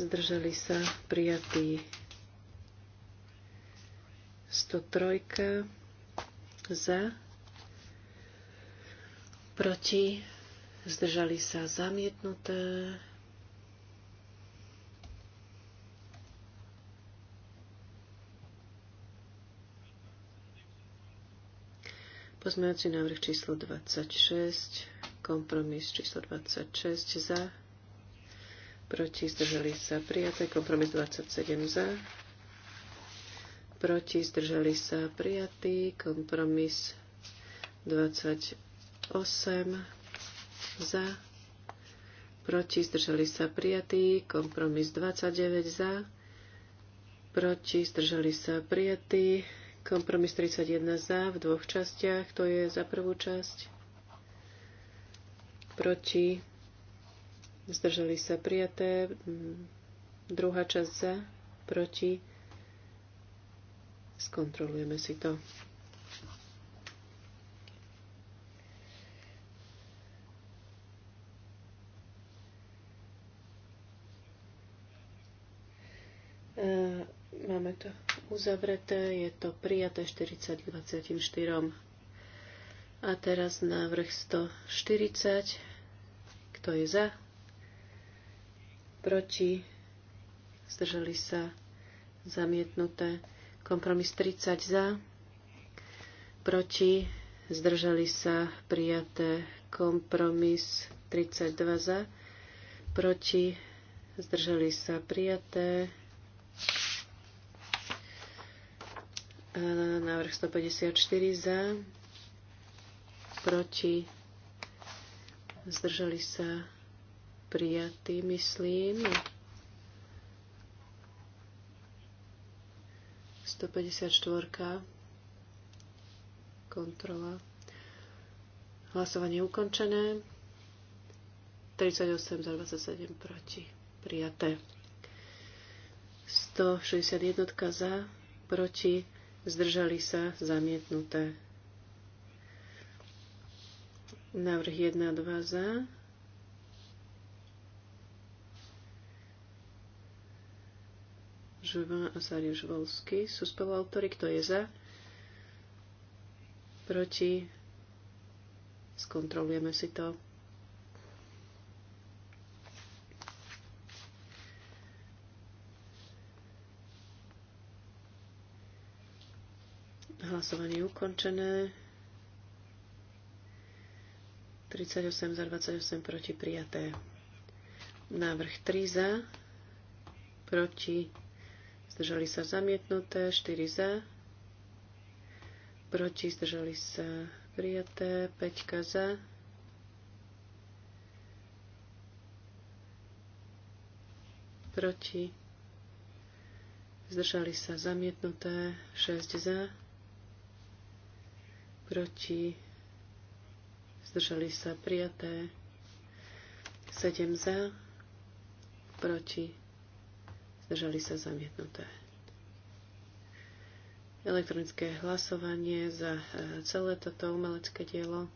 zdržali sa prijatí 103, za, proti, zdržali sa zamietnuté Pozmeňujúci návrh číslo 26, kompromis číslo 26 za, proti zdržali sa prijaté, kompromis 27 za, proti zdržali sa prijatý, kompromis 28 za, proti zdržali sa prijatý, kompromis 29 za, proti zdržali sa prijatý, Kompromis 31 za v dvoch častiach. To je za prvú časť. Proti. Zdržali sa prijaté. Druhá časť za. Proti. Skontrolujeme si to. E, máme to uzavreté, je to prijaté 40 k 24. A teraz návrh 140. Kto je za? Proti? Zdržali sa? Zamietnuté. Kompromis 30 za. Proti? Zdržali sa? Prijaté. Kompromis 32 za. Proti? Zdržali sa? Prijaté. E, návrh 154 za, proti, zdržali sa prijatí, myslím. 154. Kontrola. Hlasovanie ukončené. 38 za 27 proti. Prijaté. 161 za, proti, zdržali sa, zamietnuté. Návrh 1 a 2 za, Žuvan a Sariuš Volsky sú spoluautori, kto je za, proti, skontrolujeme si to. Hlasovanie ukončené. 38 za 28 proti prijaté. Návrh 3 za, proti, zdržali sa zamietnuté, 4 za, proti, zdržali sa prijaté, 5 za, proti, zdržali sa zamietnuté, 6 za, proti, zdržali sa prijaté, 7 za, proti, zdržali sa zamietnuté. Elektronické hlasovanie za e, celé toto umelecké dielo.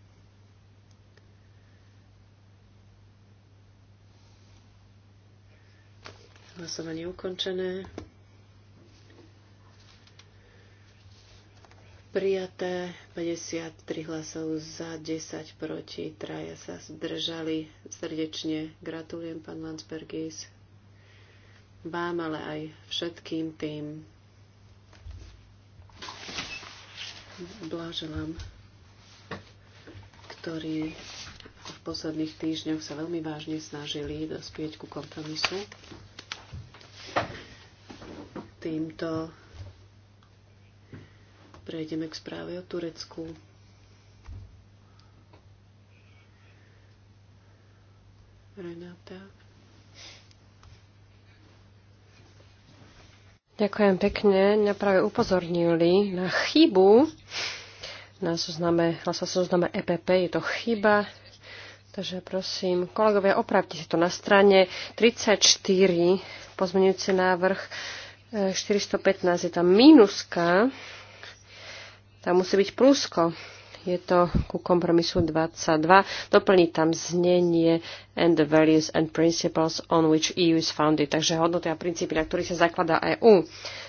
Hlasovanie ukončené. Prijaté 53 hlasov za, 10 proti, traja sa zdržali. Srdečne gratulujem, pán Mansbergis. Vám, ale aj všetkým tým. Blaželám, ktorí v posledných týždňoch sa veľmi vážne snažili dospieť ku kompromisu. Týmto prejdeme k správe o Turecku. Renata. Ďakujem pekne. Mňa práve upozornili na chybu na zozname, na zozname EPP. Je to chyba. Takže prosím, kolegovia, opravte si to na strane 34, pozmenujúci návrh 415, e, je tam mínuska tam musí byť plusko. Je to ku kompromisu 22. Doplní tam znenie and the values and principles on which EU is founded. Takže hodnoty a princípy, na ktorých sa zakladá EU.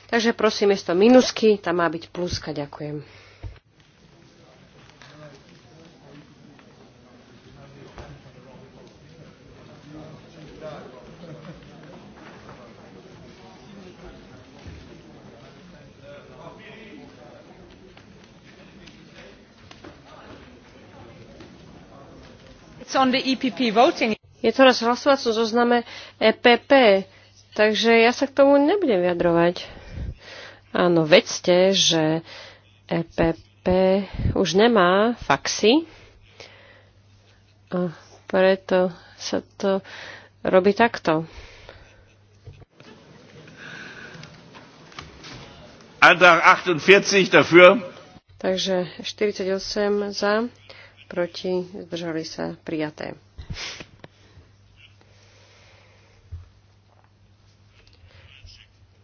Takže prosím, miesto minusky, tam má byť pluska. Ďakujem. E Je to raz hlasovacom zozname EPP, takže ja sa k tomu nebudem vyjadrovať. Áno, vedzte, že EPP už nemá faxy, a preto sa to robí takto. Antrag 48 dafür. Takže 48 za proti, zdržali sa prijaté.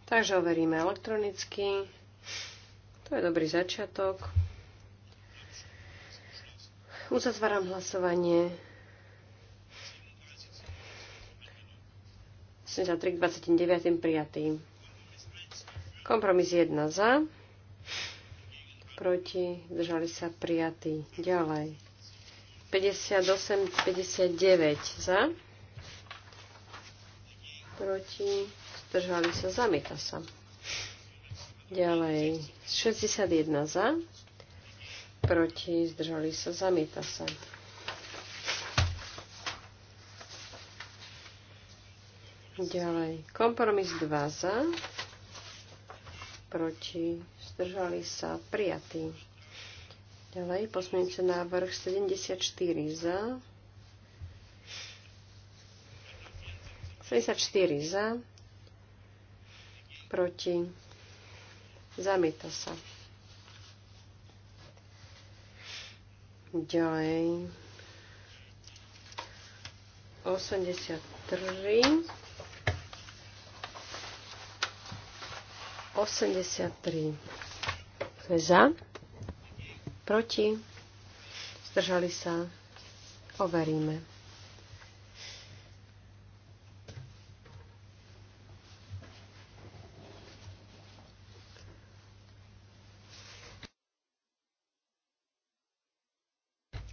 Takže overíme elektronicky. To je dobrý začiatok. Uzatváram hlasovanie. 83 k 29 prijatý. Kompromis 1 za. Proti. Zdržali sa prijatý. Ďalej. 58, 59 za. Proti. Zdržali sa. Zamieta sa. Ďalej. 61 za. Proti. Zdržali sa. Zamieta sa. Ďalej. Kompromis 2 za. Proti. Zdržali sa. Prijatý. Ďalej, pozmeňujúci návrh 74 za. 74 za. Proti. Zamieta sa. Ďalej. 83. 83. To je za proti, zdržali sa, overíme.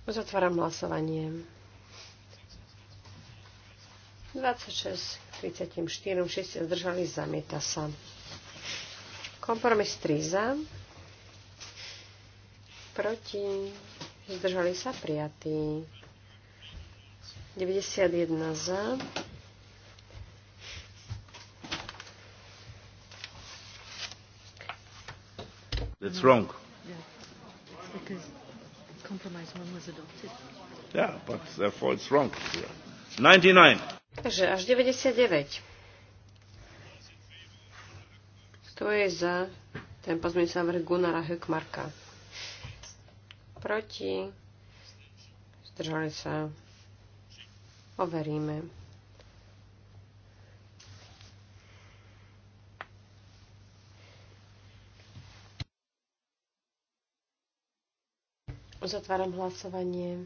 Uzatváram hlasovanie. 26 34, 6 zdržali, zamieta sa. Kompromis 3 za, proti, zdržali sa prijatí. 91 za. That's wrong. Yeah. Because compromise one was adopted. Yeah, but therefore it's wrong. 99. Takže až 99. Kto je za ten pozmeňujúci návrh Gunara Hökmarka? proti, zdržali sa, overíme. Uzatváram hlasovanie.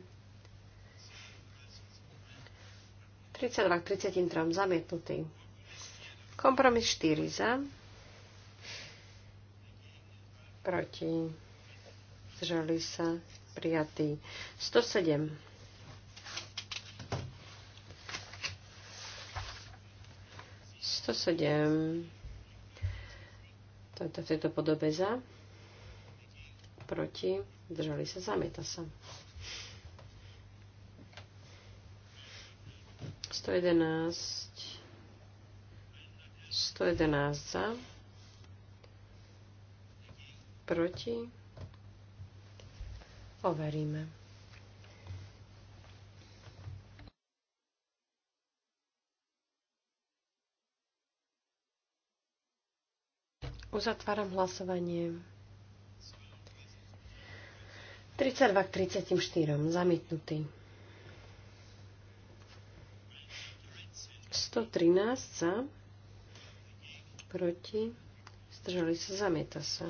32 k 33 zamietnutý. Kompromis 4 za. Proti zdržali sa, prijatý. 107. To To je v tejto podobe za. Proti. Držali sa. Zamieta sa. 111. 111 za. Proti Overíme. Uzatváram hlasovanie. 32 k 34. Zamietnutý. 113 za. Proti. Zdržali sa. Zamieta sa.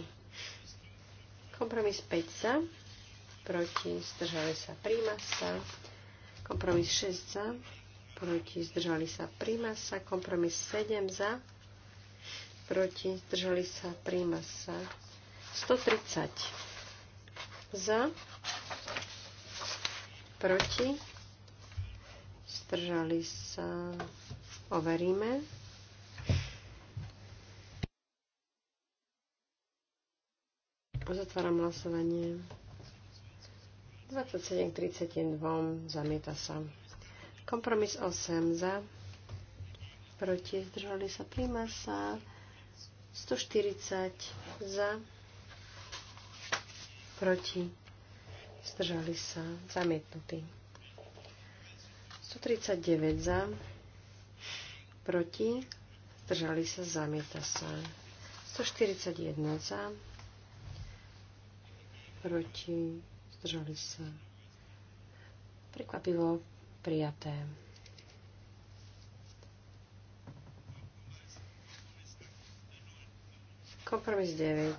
Kompromis 5 za proti, zdržali sa, príjma sa. Kompromis 6 za, proti, zdržali sa, príjma sa. Kompromis 7 za, proti, zdržali sa, príjma sa. 130 za, proti, zdržali sa, overíme. Pozatváram hlasovanie. 27 k 32 zamieta sa. Kompromis 8 za, proti, zdržali sa, príjma sa. 140 za, proti, zdržali sa, zamietnutý. 139 za, proti, zdržali sa, zamieta sa. 141 za, proti, zdržali sa. Prekvapivo prijaté. Kompromis 9.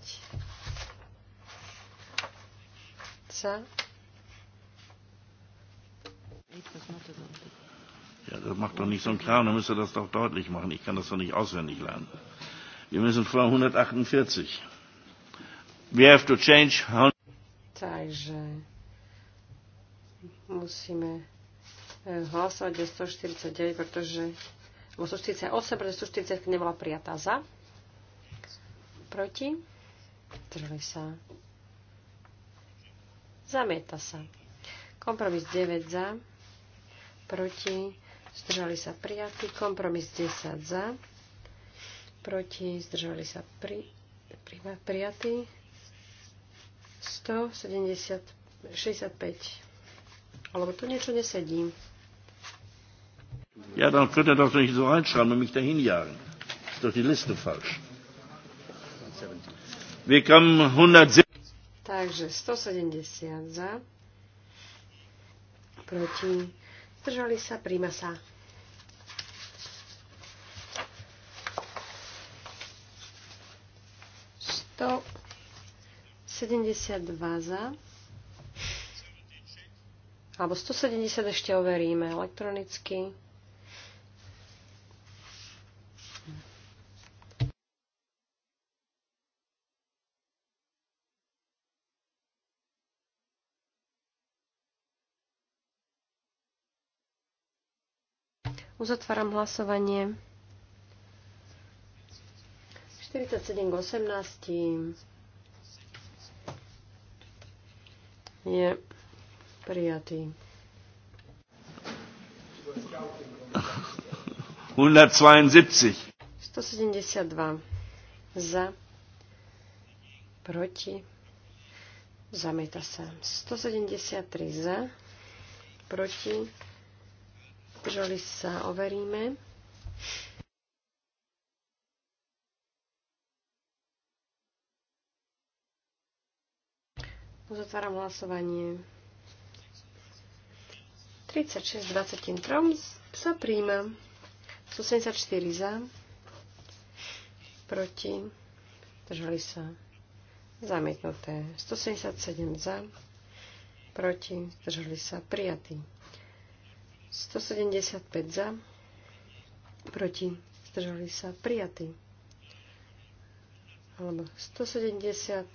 Sa. Er ja, das macht doch nicht so einen Kram, dann müsst ihr das doch deutlich machen. Ich kann das doch nicht auswendig lernen. Wir müssen vor 148. We have to change Takže musíme e, hlasovať o 149, pretože o 148, pretože 140 nebola prijatá za. Proti. Trvali sa. Zamieta sa. Kompromis 9 za. Proti. Zdržali sa prijatí. Kompromis 10 za. Proti. Zdržali sa pri, pri, prijatí. 165. Alebo tu niečo nesedí. Ja, dann könnt doch nicht so reinschreiben und mich dahin jagen. Ist doch die Liste falsch. Wir kommen 170. Takže 170 za, proti, zdržali sa, príjma sa. 72 za. Alebo 170 ešte overíme elektronicky. Uzatváram hlasovanie. 47 k 18. je prijatý. za, proti, zamieta sa. 173 za, proti, držali sa, overíme. Uzatváram hlasovanie. 36 23 sa príjma. 174 za. Proti. Držali sa. Zamietnuté. 177 za. Proti. Držali sa. Prijatý. 175 za. Proti. Zdržali sa. Prijatý. Alebo 175.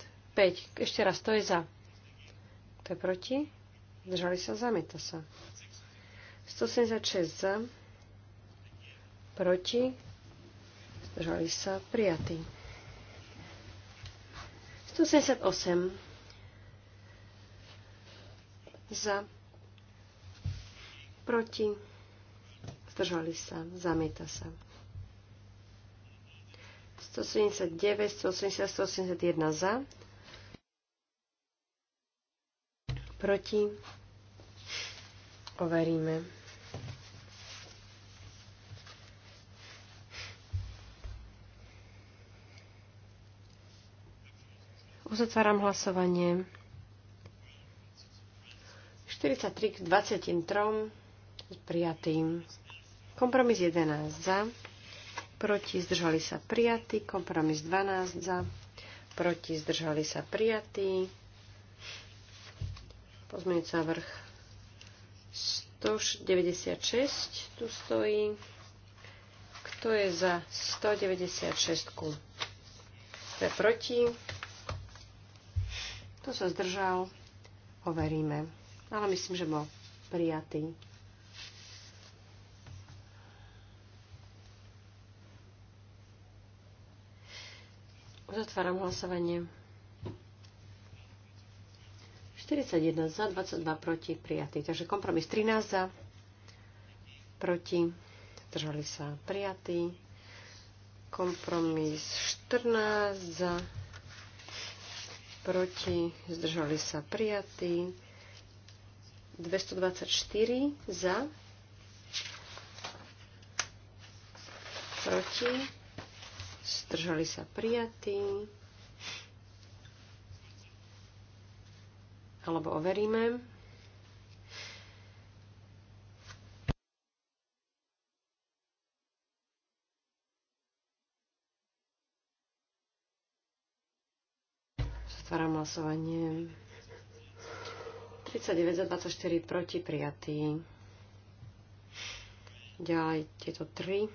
Ešte raz. To je za. Kto je proti? Zdržali sa, zamieta sa. 176 za, proti, zdržali sa, prijatý. 178 za, proti, zdržali sa, zamieta sa. 179, 180, 181 za, proti, overíme. Uzatváram hlasovanie. 43 k 23 prijatým. Kompromis 11 za, proti zdržali sa prijatí, kompromis 12 za, proti zdržali sa prijatí sa návrh 196 tu stojí. Kto je za 196? Kto je proti? Kto sa zdržal? Overíme. Ale myslím, že bol prijatý. Uzatváram hlasovanie. 41 za, 22 proti, prijatý. Takže kompromis 13 za, proti, držali sa, prijatý. Kompromis 14 za, proti, zdržali sa, prijatý. 224 za, proti, zdržali sa, prijatý. alebo overíme. Zatváram hlasovanie. 39 za 24 proti prijatý. Ďalej tieto tri.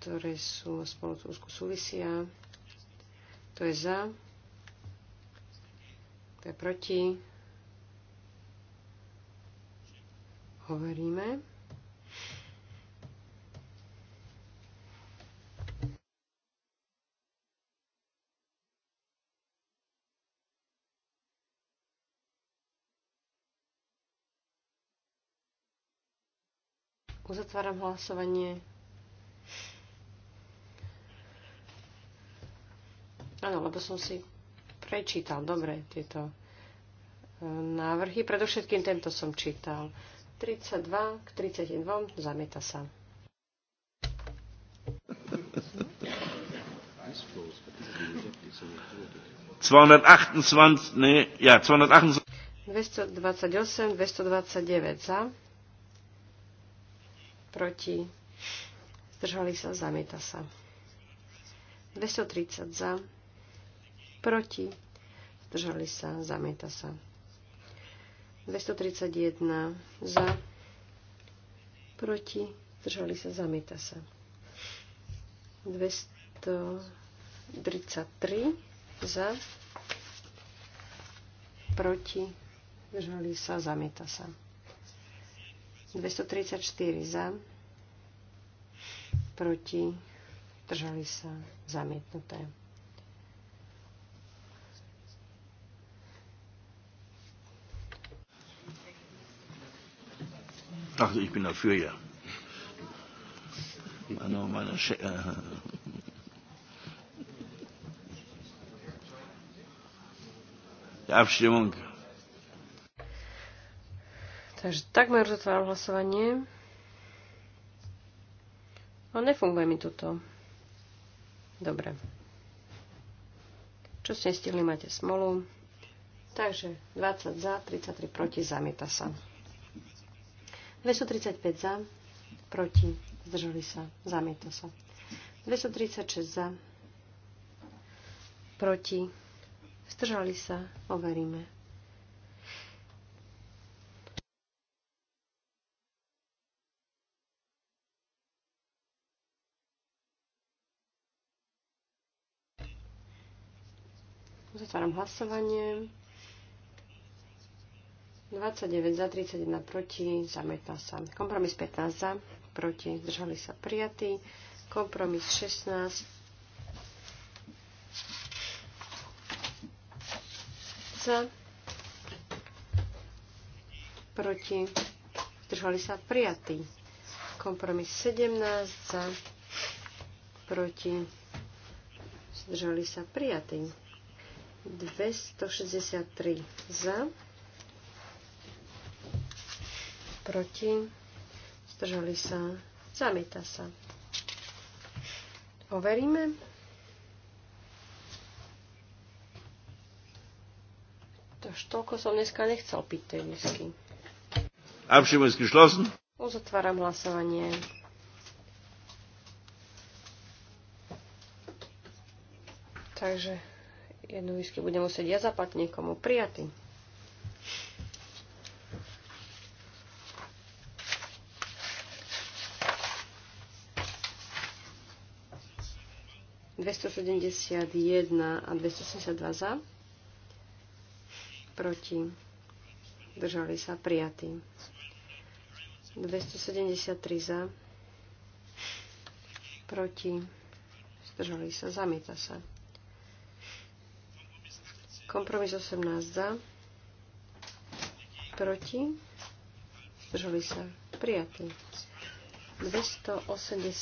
ktoré sú spolu úzko súvisia. To je za. Kto je proti? Hovoríme. Uzatváram hlasovanie. Áno, lebo som si prečítal dobre tieto e, návrhy. Predovšetkým tento som čítal. 32 k 32 zamieta sa. ja, 228, 229 za, proti, zdržali sa, zamieta sa. 230 za, proti, zdržali sa, zamieta sa. 231 za, proti, zdržali sa, zamieta sa. 233 za, proti, zdržali sa, zamieta sa. 234 za, proti, zdržali sa, zamietnuté. Ach, ich bin dafür, ja. Meine, meine Sch äh, Die Abstimmung. Takže takmer zatváram hlasovanie. No nefunguje mi toto. Dobre. Čo ste stihli, máte smolu. Takže 20 za, 33 proti, zamieta sa. 235 za, proti, zdržali sa, zamieta sa. 236 za, proti, zdržali sa, overíme. Zatváram hlasovanie. 29 za, 31 proti, zametla sa. Kompromis 15 za, proti, zdržali sa prijatí. Kompromis 16. Za, proti, zdržali sa prijatí. Kompromis 17 za, proti, zdržali sa prijatí. 263 za, proti, zdržali sa, zamieta sa. Overíme. To toľko som dneska nechcel piť tej whisky. Uzatváram hlasovanie. Takže jednu whisky budem musieť ja zaplatiť niekomu prijatý. 271 a 272 za. Proti. Držali sa prijatí. 273 za. Proti. Zdržali sa. Zamieta sa. Kompromis 18 za. Proti. Zdržali sa. Prijatí. 282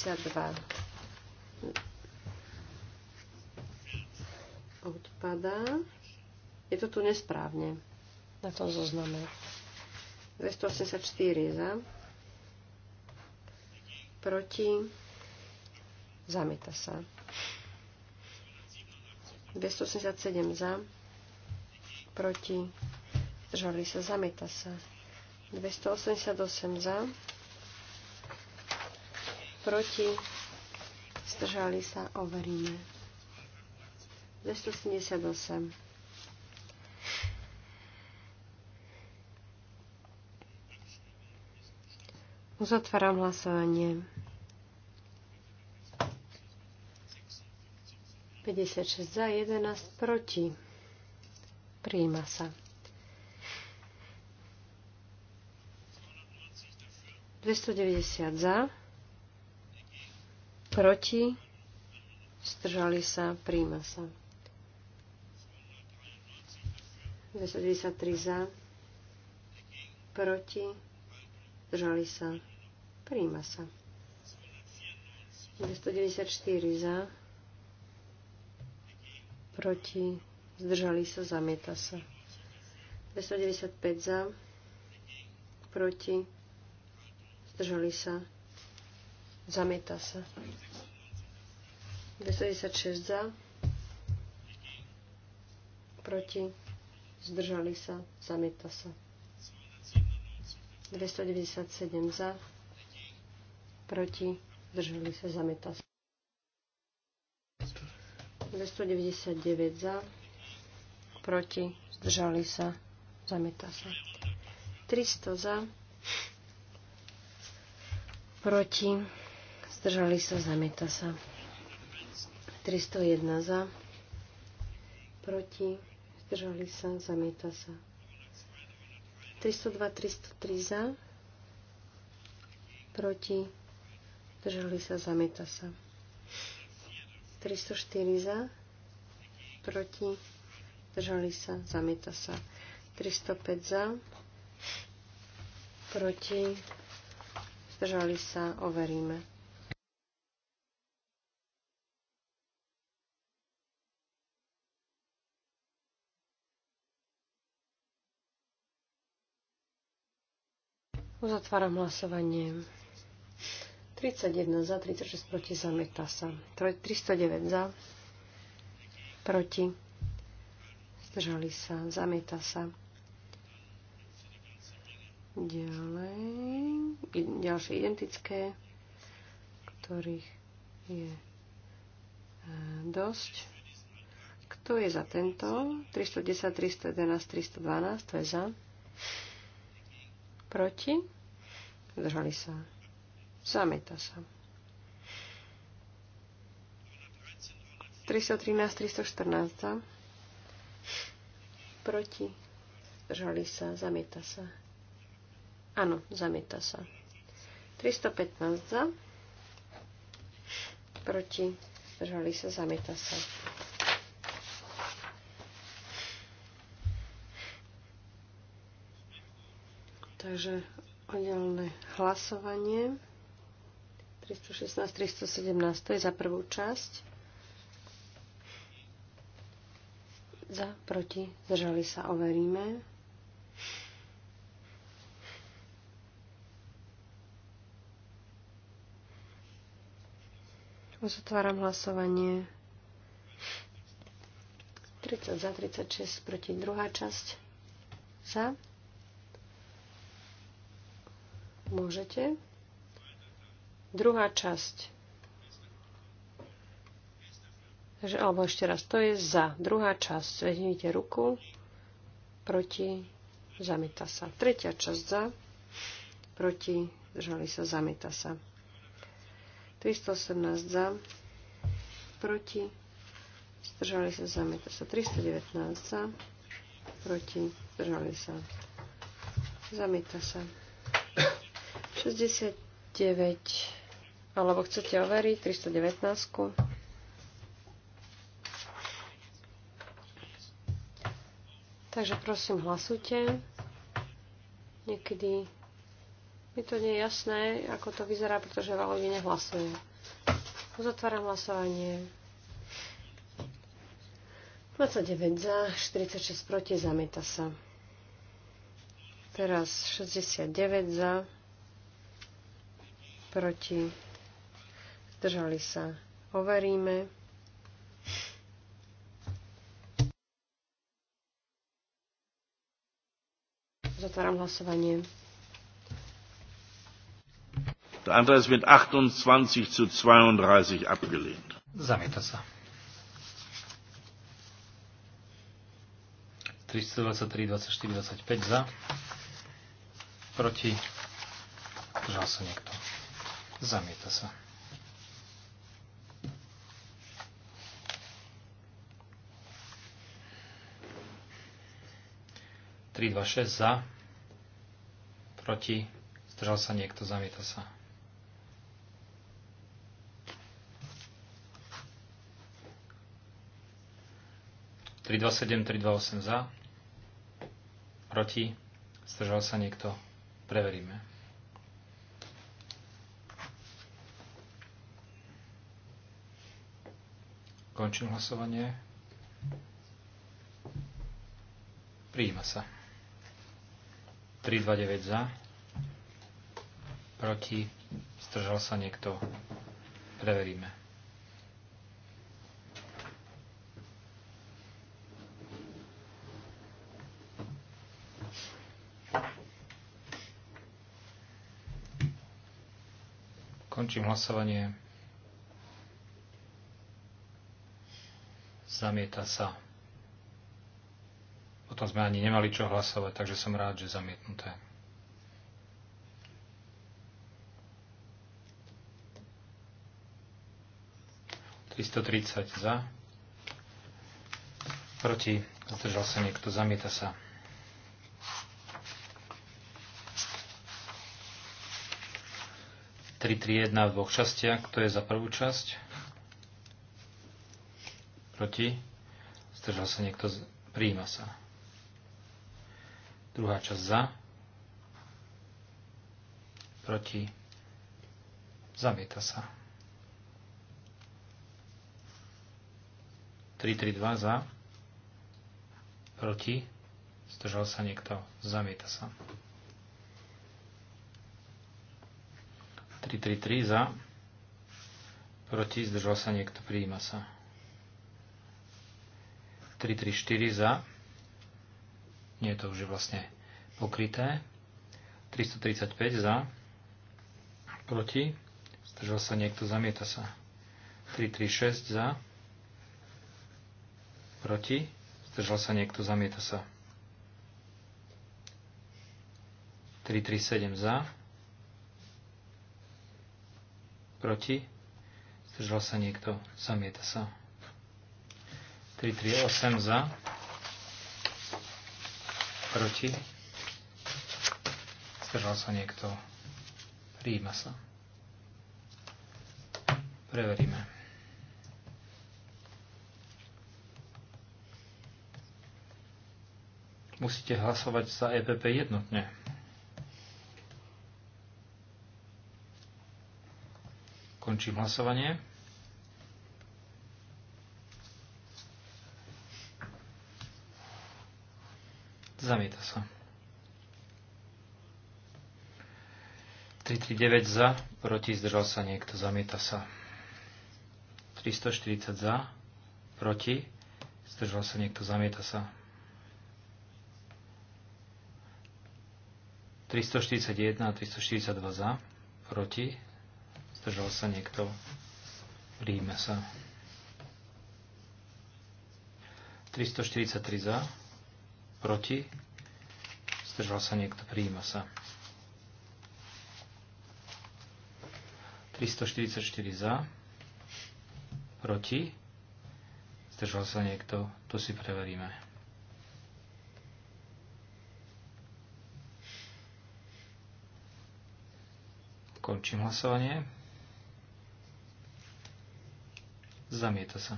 odpadá. Je to tu nesprávne na tom zozname. 284 je za. Proti. Zamieta sa. 287 za. Proti. Zdržali sa. Zamieta sa. 288 za. Proti. Zdržali sa. Overíme. 278. Uzatváram hlasovanie. 56 za, 11 proti. Príjima sa. 290 za, proti, zdržali sa, príjima sa. 293 za, proti, zdržali sa, príjma sa. 294 za, proti, zdržali sa, zamieta sa. 295 za, proti, zdržali sa, zamieta sa. 296 za, proti, zdržali sa, zamieta sa. 297 za, proti, zdržali sa, zamieta sa. 299 za, proti, zdržali sa, zamieta sa. 300 za, proti, zdržali sa, zamieta sa. 301 za, proti, zdržali sa, zamieta sa. 302, 303 za, proti, zdržali sa, zamieta sa. 304 za, proti, zdržali sa, zamieta sa. 305 za, proti, zdržali sa, overíme. Uzatváram hlasovanie. 31 za, 36 proti, zamieta sa. 309 za, proti, zdržali sa, zamieta sa. Ďalej, ďalšie identické, ktorých je e, dosť. Kto je za tento? 310, 311, 312, to je za. Proti Držali sa. Zamieta sa. 313, 314 za. Proti. držali sa. Zamieta sa. Áno, zamieta sa. 315 za. Proti. držali sa. Zamieta sa. Takže oddelené hlasovanie. 316, 317, to je za prvú časť. Za, proti, zdržali sa, overíme. Uzatváram hlasovanie. 30 za, 36 proti druhá časť. Za. Môžete. Druhá časť. Takže, alebo ešte raz, to je za. Druhá časť, zvednite ruku, proti, zamieta sa. Tretia časť za, proti, zdržali sa, zamieta sa. 318 za, proti, zdržali sa, zamieta sa. 319 za, proti, zdržali sa, zamieta sa. 69, alebo chcete overiť 319. Takže prosím, hlasujte. Niekedy mi to nie je jasné, ako to vyzerá, pretože Valovi nehlasuje. Uzatváram hlasovanie. 29 za, 46 proti, zamieta sa. Teraz 69 za, proti, zdržali sa. Overíme. Zatváram hlasovanie. Der Antrag ist mit 28 zu 32 abgelehnt. Zamieta sa. 323, 24, 25 za. Proti. žal sa niekto. Zamieta sa. Tri, dva, šesť za. Proti. Zdržal sa niekto. Zamieta sa. Tri, dva, sedem, tri, dva, osem za. Proti. Zdržal sa niekto. Preveríme. Končím hlasovanie. Prijíma sa. 329 za. Proti. Stržal sa niekto. Preveríme. Končím hlasovanie. Zamieta sa. O tom sme ani nemali čo hlasovať, takže som rád, že zamietnuté. Tristo za. Proti. Zdržal sa niekto. Zamieta sa. jedna v dvoch častiach. Kto je za prvú časť? Proti? Zdržal sa niekto? Príjima sa. Druhá časť za. Proti? Zamieta sa. 3-3-2 za. Proti? Zdržal sa niekto? Zamieta sa. 3 za. Proti? Zdržal sa niekto? Príjima sa. 334 za. Nie, to už je vlastne pokryté. 335 za. Proti. Zdržal sa niekto, zamieta sa. 336 za. Proti. Zdržal sa niekto, zamieta sa. 337 za. Proti. Zdržal sa niekto, zamieta sa. 338 za. Proti. Zdržal sa niekto. Príjima sa. Preveríme. Musíte hlasovať za EPP jednotne. Končím hlasovanie. Zamieta sa. 339 za, proti zdržal sa niekto, zamieta sa. 340 za, proti, zdržal sa niekto, zamieta sa. 341 a 342 za, proti, zdržal sa niekto, príjme sa. 343 za, proti, zdržal sa niekto, prijíma sa. 344 za, proti, zdržal sa niekto, to si preveríme. Končím hlasovanie. Zamieta sa.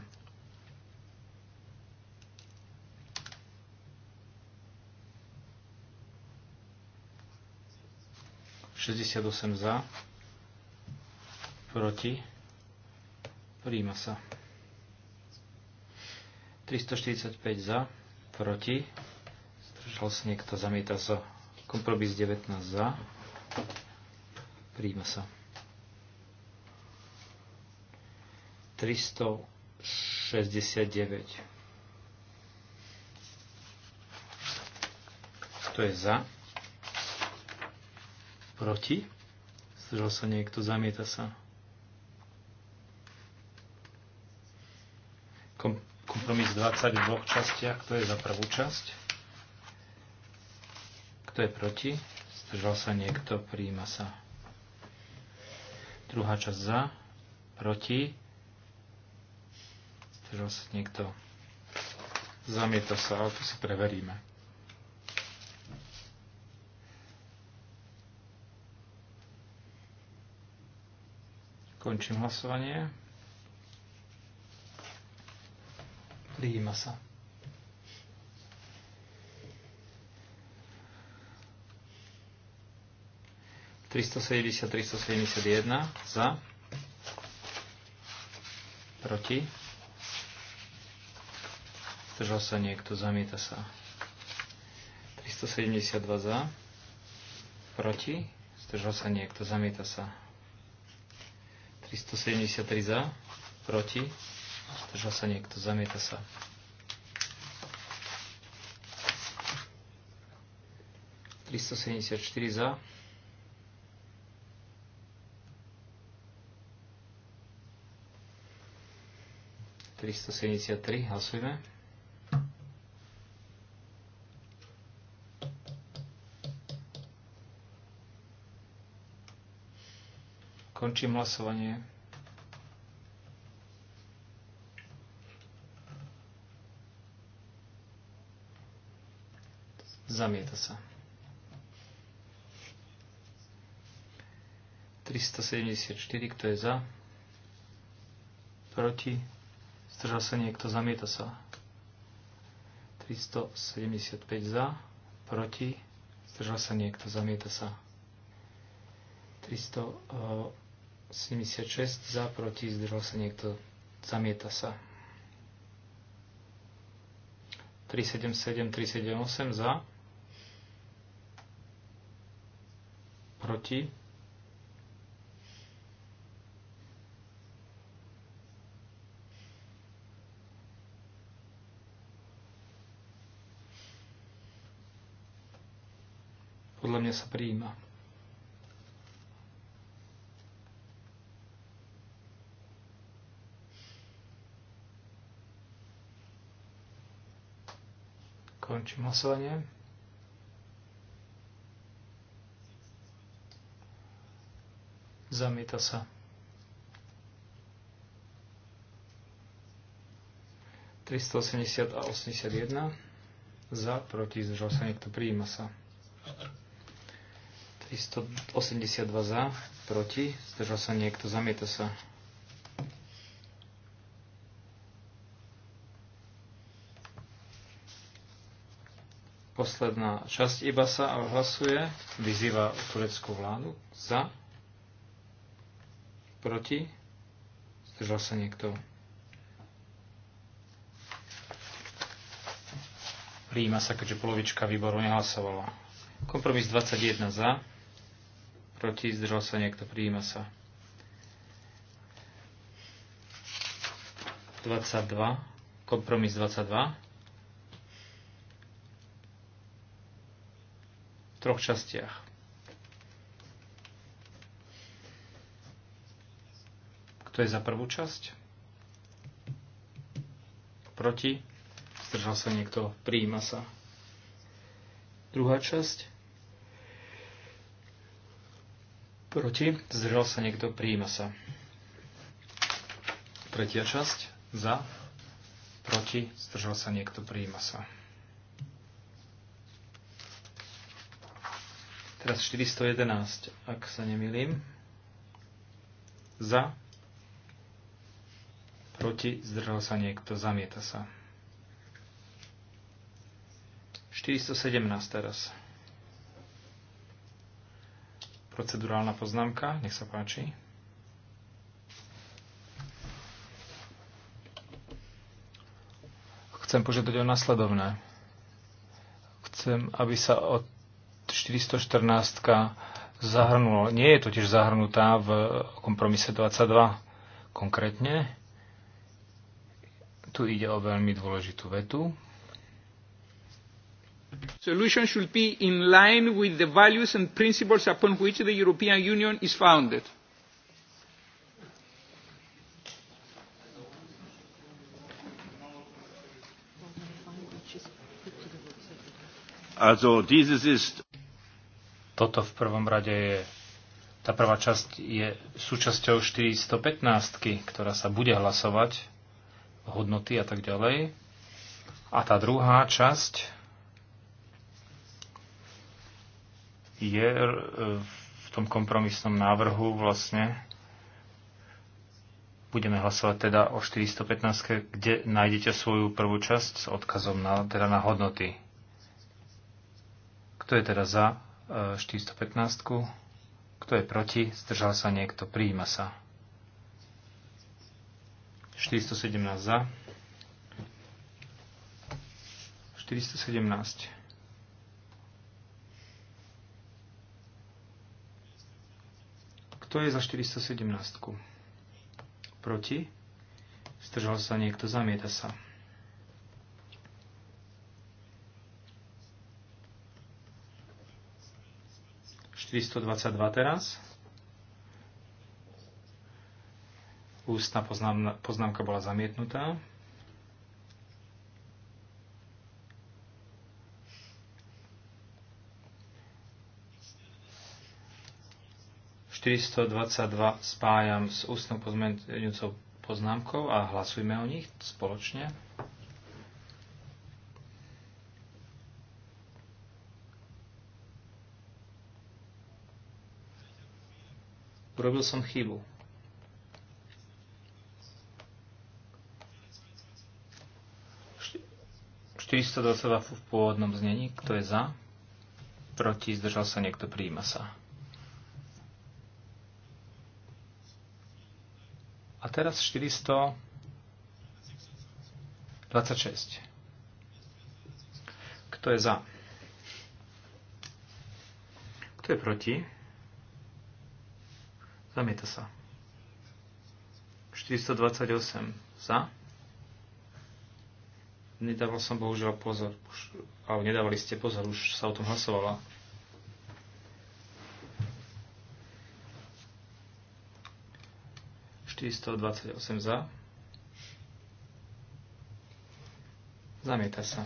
68 za, proti, príjma sa. 345 za, proti, zdržal sa niekto, zamieta sa. Kompromis 19 za, príjma sa. 369. Kto je za? Proti? Zdržal sa niekto? Zamieta sa. Kom- kompromis 20 v dvoch častiach. Kto je za prvú časť? Kto je proti? Zdržal sa niekto? prijíma sa. Druhá časť za. Proti? Zdržal sa niekto? Zamieta sa, ale to si preveríme. Končím hlasovanie. Prijíma sa. Tristo sedemdesiat, tristo za, proti, zdržal sa niekto, zamieta sa. 372 za, proti, zdržal sa niekto, zamieta sa. 373 za, proti, zdržal sa niekto, zamieta sa. Tristo sedemdesiat štyri za. Tristo sedemdesiat tri, hlasujeme. Končím hlasovanie. Zamieta sa. 374, kto je za? Proti? Zdržal sa niekto, zamieta sa. 375 za, proti, zdržal sa niekto, zamieta sa. 300 76 za, proti, zdržal sa niekto, zamieta sa. 377, 378 za, proti, podľa mňa sa prijíma. ukončím hlasovanie. Zamieta sa. 380 a 81 za, proti, zdržal sa niekto, prijíma sa. 382 za, proti, zdržal sa niekto, zamieta sa. Posledná časť iba sa hlasuje. Vyzýva tureckú vládu za. Proti. Zdržal sa niekto. Príjima sa, keďže polovička výboru nehlasovala. Kompromis 21 za. Proti. Zdržal sa niekto. Príjima sa. 22. Kompromis 22 troch častiach. Kto je za prvú časť? Proti? Zdržal sa niekto? Prijíma sa. Druhá časť? Proti? Zdržal sa niekto? Prijíma sa. Tretia časť? Za? Proti? Zdržal sa niekto? Prijíma sa. Teraz 411, ak sa nemýlim. Za. Proti. Zdržal sa niekto. Zamieta sa. 417 teraz. Procedurálna poznámka. Nech sa páči. Chcem požiadať o nasledovné. Chcem, aby sa od 414 zahrnulo, nie je totiž zahrnutá v kompromise 22 konkrétne. Tu ide o veľmi dôležitú vetu. Solution should be in line with the values and principles upon which the European Union is founded. Also dieses ist toto v prvom rade je, tá prvá časť je súčasťou 415, ktorá sa bude hlasovať, hodnoty a tak ďalej. A tá druhá časť je e, v tom kompromisnom návrhu vlastne budeme hlasovať teda o 415, kde nájdete svoju prvú časť s odkazom na, teda na hodnoty. Kto je teda za 415. Kto je proti? Zdržal sa niekto? Prijíma sa. 417 za. 417. Kto je za 417? Proti? Zdržal sa niekto? Zamieta sa. 422 teraz. Ústna poznámka bola zamietnutá. ...422 spájam s ústnou pozmeňujúcou poznámkou a hlasujme o nich spoločne. Urobil som chybu. Šty 422 v pôvodnom znení. Kto je za? Proti? Zdržal sa niekto? Príjima sa. A teraz 426. Kto je za? Kto je proti? Zamieta sa. 428 za. Nedával som bohužiaľ pozor, už, ale nedávali ste pozor, už sa o tom hlasovala. ...428 za. Zamieta sa.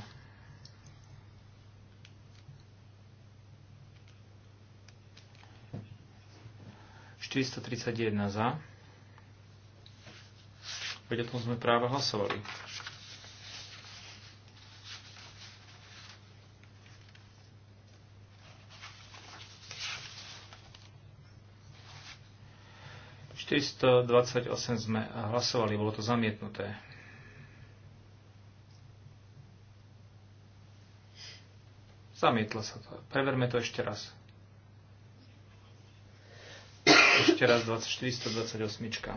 431 za. Veď o tom sme práve hlasovali. V 428 sme hlasovali, bolo to zamietnuté. Zamietlo sa to. Preverme to ešte raz. Ešte raz 2428.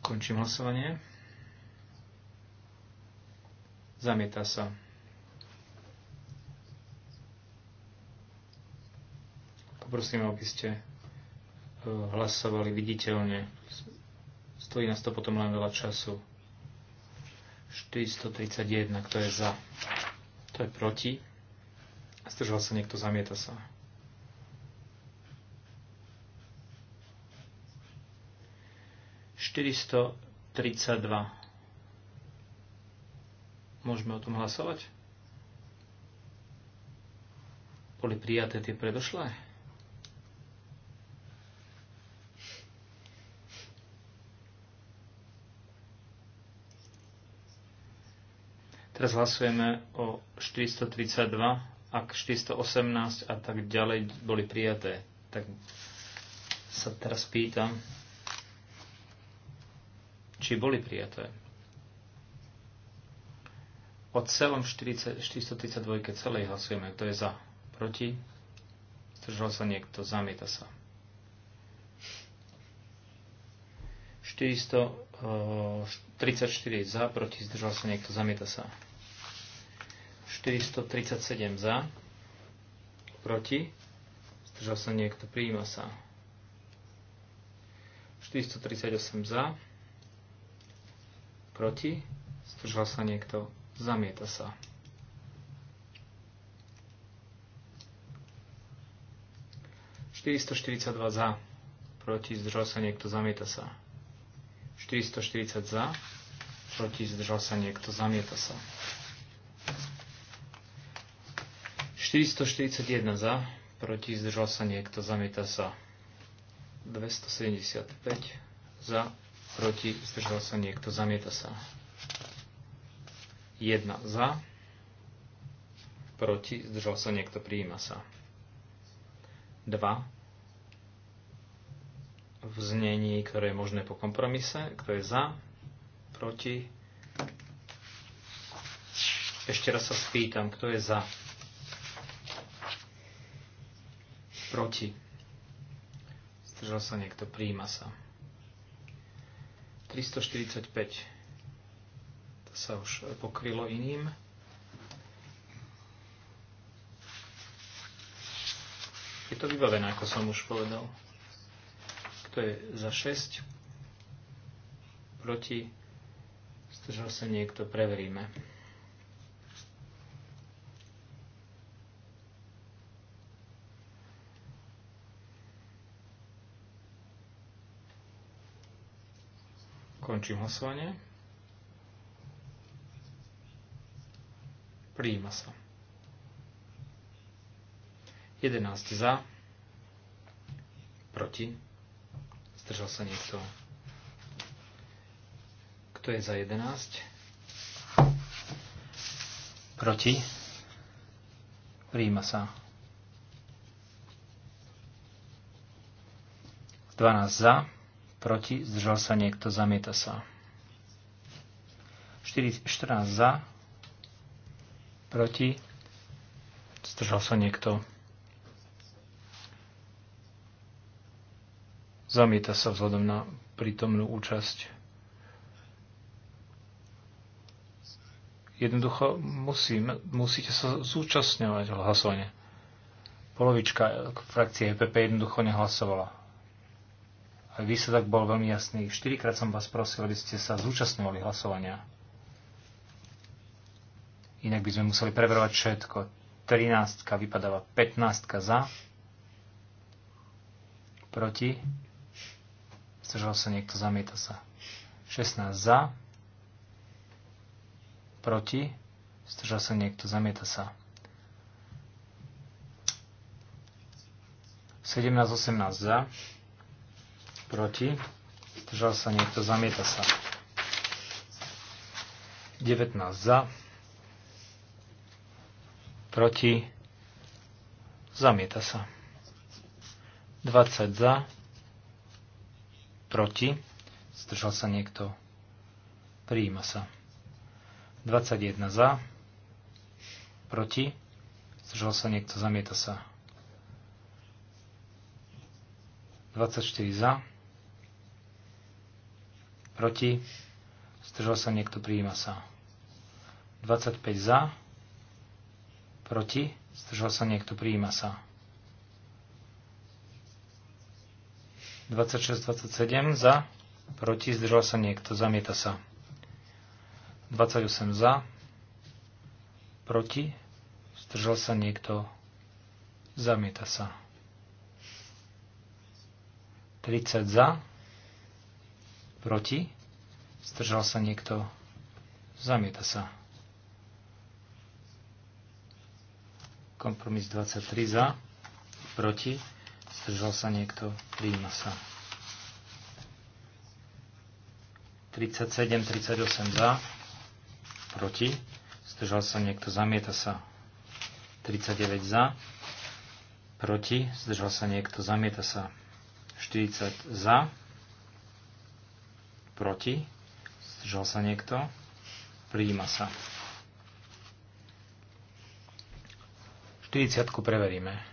Končím hlasovanie. Zamieta sa. Poprosím, aby ste hlasovali viditeľne. Stojí nás to potom len veľa času. 431, kto je za, kto je proti. Zdržal sa niekto, zamieta sa. Štyristo dva. Môžeme o tom hlasovať? Boli prijaté tie predošlé? Teraz hlasujeme o 432, ak 418 a tak ďalej boli prijaté. Tak sa teraz pýtam, či boli prijaté. O celom 40, 432 celej hlasujeme. Kto je za? Proti? Zdržal sa niekto? Zamieta sa. 434 eh, za, proti, zdržal sa niekto, zamieta sa. 437 za, proti, zdržal sa niekto, prijíma sa. 438 za, proti, zdržal sa niekto, zamieta sa. ...442 za, proti, zdržal sa niekto, zamieta sa. 440 za, proti, zdržal sa niekto, zamieta sa. 441 za, proti zdržal sa niekto, zamieta sa 275 za, proti zdržal sa niekto, zamieta sa 1 za, proti zdržal sa niekto, prijíma sa 2 v znení, ktoré je možné po kompromise, kto je za, proti. Ešte raz sa spýtam, kto je za proti, zdržal sa niekto, príjima sa. 345, to sa už pokrylo iným. Je to vybavené, ako som už povedal. Kto je za 6? Proti? Zdržal sa niekto? Preveríme. Končím hlasovanie. Prijíma sa. 11 za. Proti. Zdržal sa niekto. Kto je za 11? Proti. Prijíma sa. 12 za proti, zdržal sa niekto, zamieta sa. 4, 14 za, proti, zdržal sa niekto, zamieta sa vzhľadom na prítomnú účasť. Jednoducho musím, musíte sa zúčastňovať hlasovanie. Polovička eh, frakcie EPP jednoducho nehlasovala. Výsledok bol veľmi jasný. Štyrikrát som vás prosil, aby ste sa zúčastňovali hlasovania. Inak by sme museli preverovať všetko. 13 vypadáva 15 za. Proti. Zdržal sa niekto, zamieta sa. 16 za. Proti. Zdržal sa niekto, zamieta sa. 17, 18 za proti, zdržal sa niekto, zamieta sa. 19 za, proti, zamieta sa. 20 za, proti, zdržal sa niekto, prijíma sa. 21 za, proti, zdržal sa niekto, zamieta sa. 24 za, proti, zdržal sa niekto, prijíma sa. 25 za, proti, zdržal sa niekto, prijíma sa. 26, 27 za, proti, zdržal sa niekto, zamieta sa. 28 za, proti, zdržal sa niekto, zamieta sa. 30 za, Proti? Zdržal sa niekto? Zamieta sa. Kompromis 23 za. Proti? Zdržal sa niekto? príjma sa. 37, 38 za. Proti? Zdržal sa niekto? Zamieta sa. 39 za. Proti? Zdržal sa niekto? Zamieta sa. 40 za Proti? Zdržal sa niekto? Prijíma sa. 40 preveríme.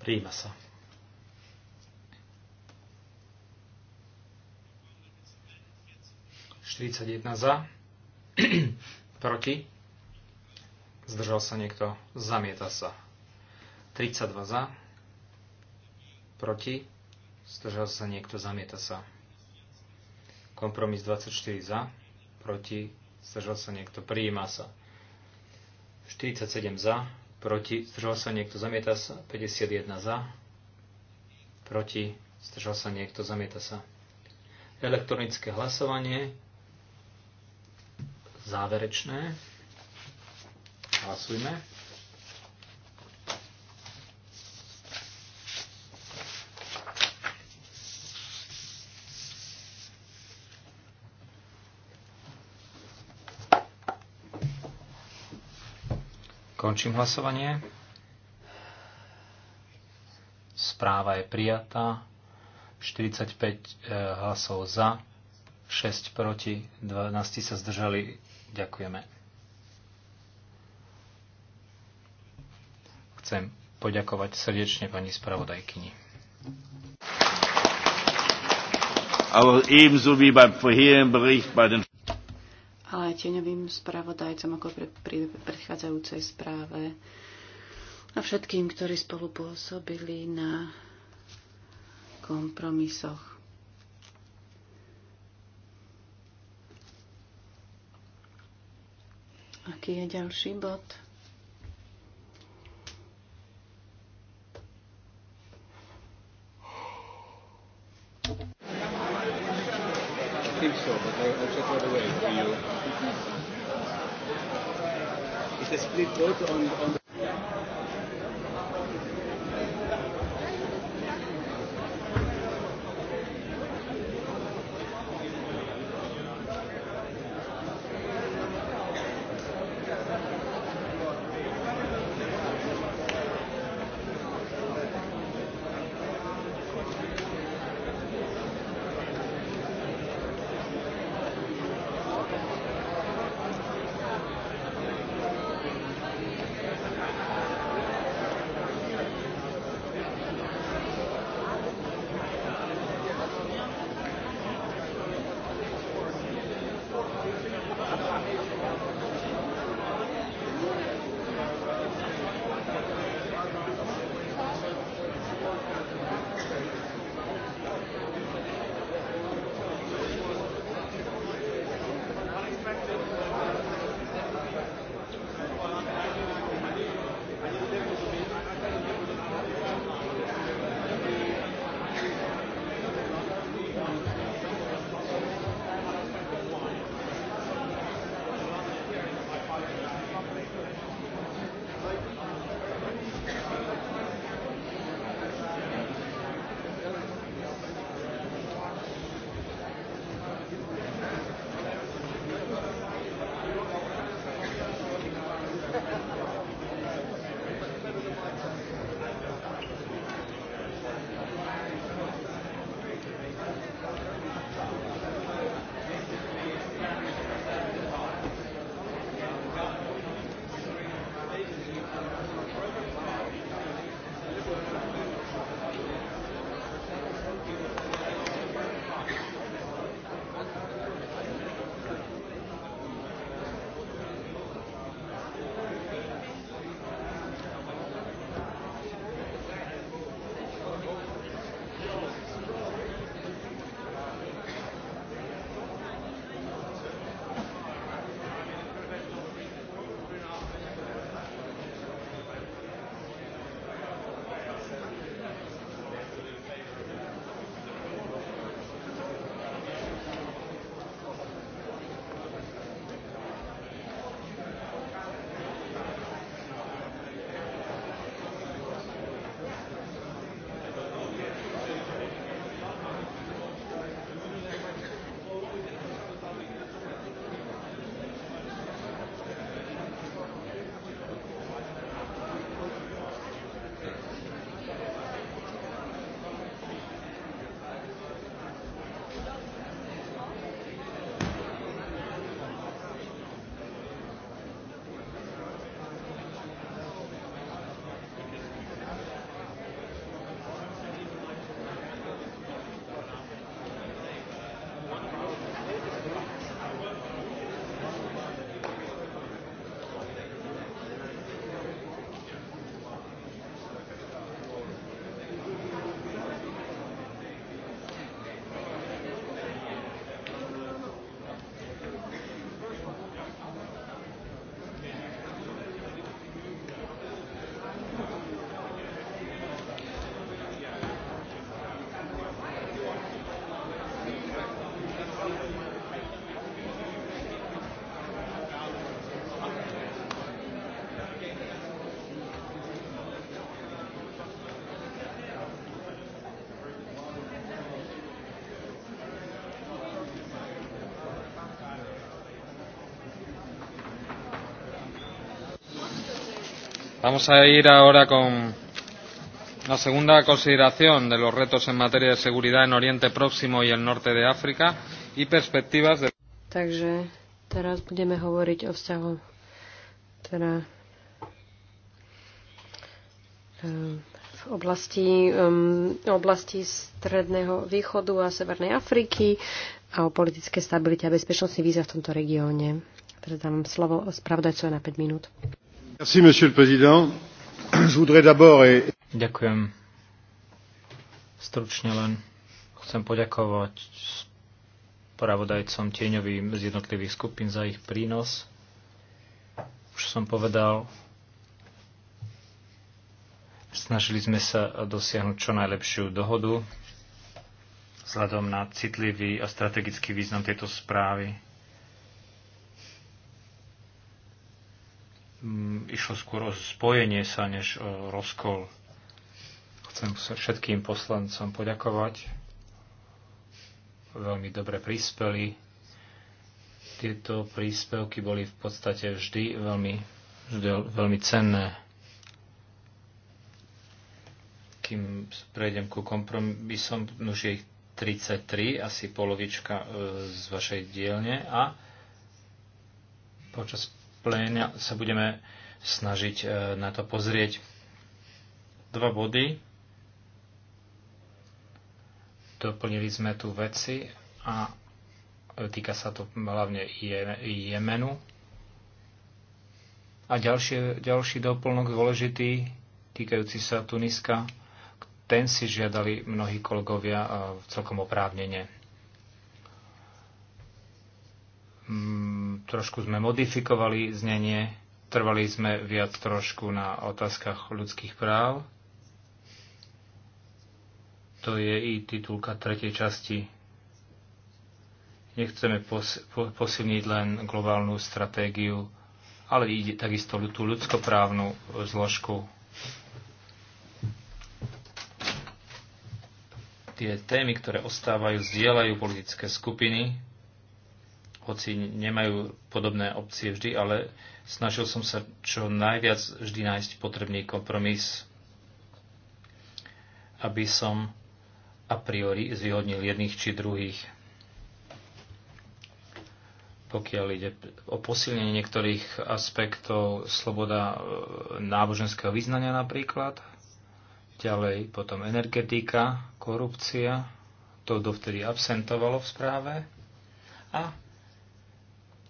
Prima sa. 41 za, proti, zdržal sa niekto, zamieta sa. 32 za, proti, zdržal sa niekto, zamieta sa. Kompromis 24 za, proti, zdržal sa niekto, prijíma sa. 47 za, proti, zdržal sa niekto, zamieta sa. 51 za, proti, zdržal sa niekto, zamieta sa. Elektronické hlasovanie, záverečné. Hlasujme. Končím hlasovanie. Správa je prijatá. 45 eh, hlasov za, 6 proti, 12 sa zdržali Ďakujeme. Chcem poďakovať srdečne pani spravodajkyni. Aber ebenso ale tieňovým spravodajcom ako pre, pri predchádzajúcej správe a všetkým, ktorí spolu pôsobili na kompromisoch. Aký je ďalší bod? I think so, but I'll, I'll check right away for you. It's a split vote on, on Vamos a ir ahora con la segunda consideración de los retos en materia de seguridad en Oriente Próximo y el norte de África y perspectivas de... Takže teraz budeme hovoriť o vzťahu teda, eh, v oblasti, um, oblasti Stredného východu a Severnej Afriky a o politické stabilite a bezpečnosti víza v tomto regióne. Teraz dám slovo spravodajcovi na 5 minút. Ďakujem. Stručne len chcem poďakovať spravodajcom tieňovým z jednotlivých skupín za ich prínos. Už som povedal, snažili sme sa dosiahnuť čo najlepšiu dohodu vzhľadom na citlivý a strategický význam tejto správy Mm, išlo skôr o spojenie sa, než o rozkol. Chcem sa všetkým poslancom poďakovať. Veľmi dobre prispeli. Tieto príspevky boli v podstate vždy veľmi, vždy veľmi cenné. Kým prejdem ku kompromisom, už je ich 33, asi polovička e, z vašej dielne a počas Plen sa budeme snažiť e, na to pozrieť. Dva body. Doplnili sme tu veci a týka sa to hlavne Jemenu. A ďalší, ďalší doplnok dôležitý, týkajúci sa Tuniska, ten si žiadali mnohí kolegovia e, celkom oprávnenie. Mm trošku sme modifikovali znenie, trvali sme viac trošku na otázkach ľudských práv. To je i titulka tretej časti. Nechceme pos- po- posilniť len globálnu stratégiu, ale ide takisto tú ľudskoprávnu zložku. Tie témy, ktoré ostávajú, zdieľajú politické skupiny, hoci nemajú podobné opcie vždy, ale snažil som sa čo najviac vždy nájsť potrebný kompromis, aby som a priori zvýhodnil jedných či druhých. Pokiaľ ide o posilnenie niektorých aspektov, sloboda e, náboženského vyznania napríklad, ďalej potom energetika, korupcia, to dovtedy absentovalo v správe, a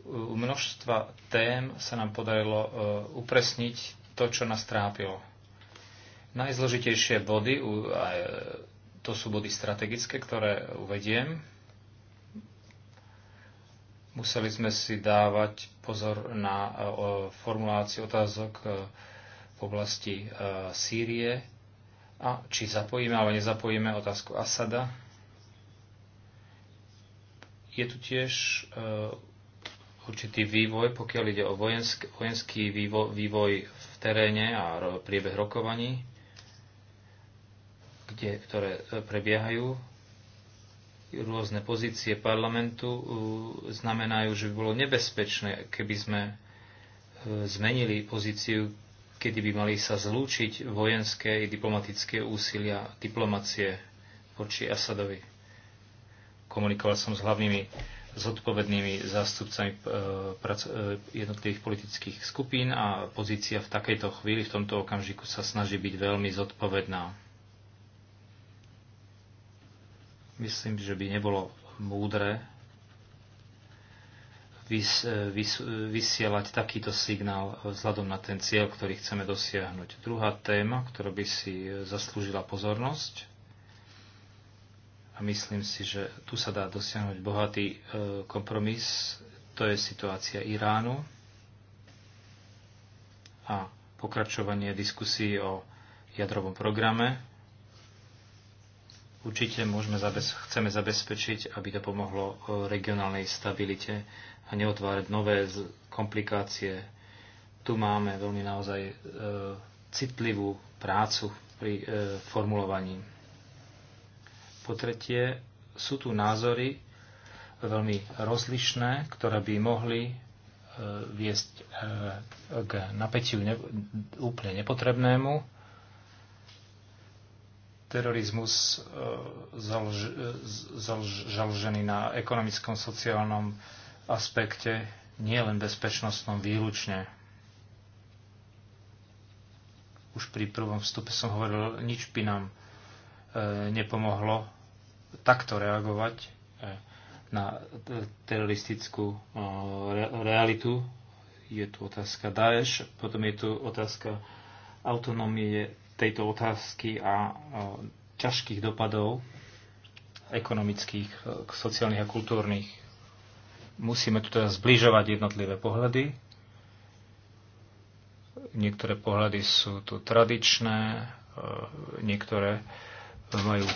u množstva tém sa nám podarilo e, upresniť to, čo nás trápilo. Najzložitejšie body, e, to sú body strategické, ktoré uvediem. Museli sme si dávať pozor na e, formuláciu otázok v oblasti Sýrie a či zapojíme alebo nezapojíme otázku Asada. Je tu tiež určitý vývoj, pokiaľ ide o vojensk, vojenský vývoj, vývoj v teréne a ro, priebeh rokovaní, kde, ktoré e, prebiehajú. Rôzne pozície parlamentu znamenajú, že by bolo nebezpečné, keby sme e, zmenili pozíciu, kedy by mali sa zlúčiť vojenské i diplomatické úsilia diplomacie voči Asadovi. Komunikoval som s hlavnými zodpovednými zástupcami e, e, jednotlivých politických skupín a pozícia v takejto chvíli, v tomto okamžiku sa snaží byť veľmi zodpovedná. Myslím, že by nebolo múdre e, vysielať takýto signál vzhľadom na ten cieľ, ktorý chceme dosiahnuť. Druhá téma, ktorá by si zaslúžila pozornosť, a myslím si, že tu sa dá dosiahnuť bohatý e, kompromis. To je situácia Iránu a pokračovanie diskusí o jadrovom programe. Určite môžeme zabez, chceme zabezpečiť, aby to pomohlo e, regionálnej stabilite a neotvárať nové komplikácie. Tu máme veľmi naozaj e, citlivú prácu pri e, formulovaní po tretie, sú tu názory veľmi rozlišné, ktoré by mohli e, viesť e, k napätiu ne, úplne nepotrebnému. Terorizmus e, založený na ekonomickom, sociálnom aspekte, nie len bezpečnostnom výlučne. Už pri prvom vstupe som hovoril, nič by nám nepomohlo takto reagovať e, na teroristickú e, realitu. Je tu otázka Daesh, potom je tu otázka autonómie tejto otázky a e, ťažkých dopadov ekonomických, sociálnych a kultúrnych. Musíme tu teda zbližovať jednotlivé pohľady. Niektoré pohľady sú tu tradičné, niektoré majú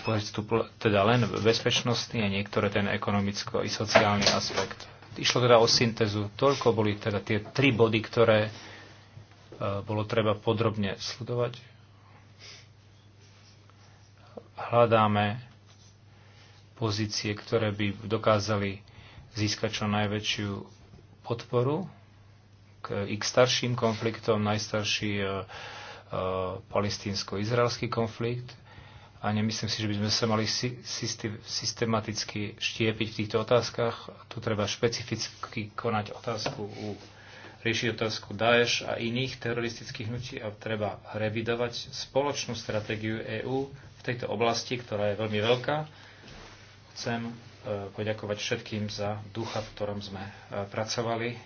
teda len bezpečnostný a niektoré ten ekonomicko i sociálny aspekt. Išlo teda o syntezu Toľko boli teda tie tri body, ktoré e, bolo treba podrobne sledovať. Hľadáme pozície, ktoré by dokázali získať čo najväčšiu podporu k ich starším konfliktom. Najstarší e, e, palestínsko-izraelský konflikt, a nemyslím si, že by sme sa mali systematicky štiepiť v týchto otázkach. Tu treba špecificky konať otázku u riešiť otázku Daesh a iných teroristických hnutí a treba revidovať spoločnú stratégiu EÚ v tejto oblasti, ktorá je veľmi veľká. Chcem e, poďakovať všetkým za ducha, v ktorom sme e, pracovali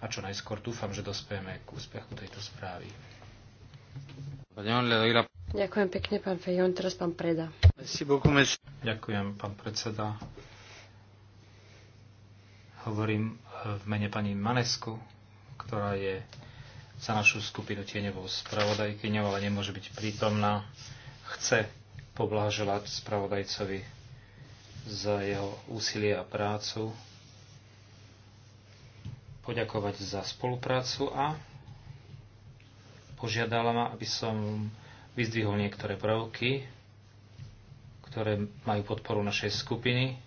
a čo najskôr dúfam, že dospieme k úspechu tejto správy. Ďakujem pekne, pán Fejon. Teraz pán Preda. Ďakujem, pán predseda. Hovorím e, v mene pani Manesku, ktorá je za našu skupinu tieňovou spravodajkyňou, ale nemôže byť prítomná. Chce poblahoželať spravodajcovi za jeho úsilie a prácu, poďakovať za spoluprácu a požiadala ma, aby som vyzdvihol niektoré prvky, ktoré majú podporu našej skupiny.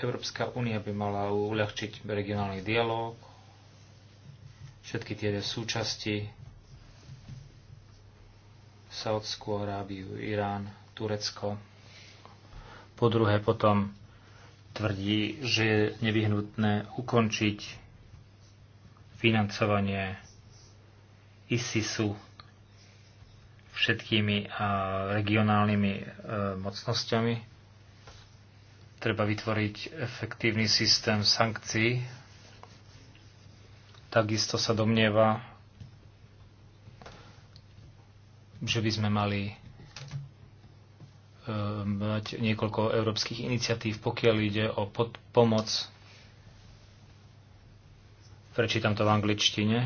Európska únia by mala uľahčiť regionálny dialog, všetky tie súčasti Saudskú Arábiu, Irán, Turecko. Po druhé potom tvrdí, že je nevyhnutné ukončiť financovanie ISISu všetkými regionálnymi e, mocnosťami. Treba vytvoriť efektívny systém sankcií. Takisto sa domnieva, že by sme mali e, mať niekoľko európskych iniciatív, pokiaľ ide o pod- pomoc. Prečítam to v angličtine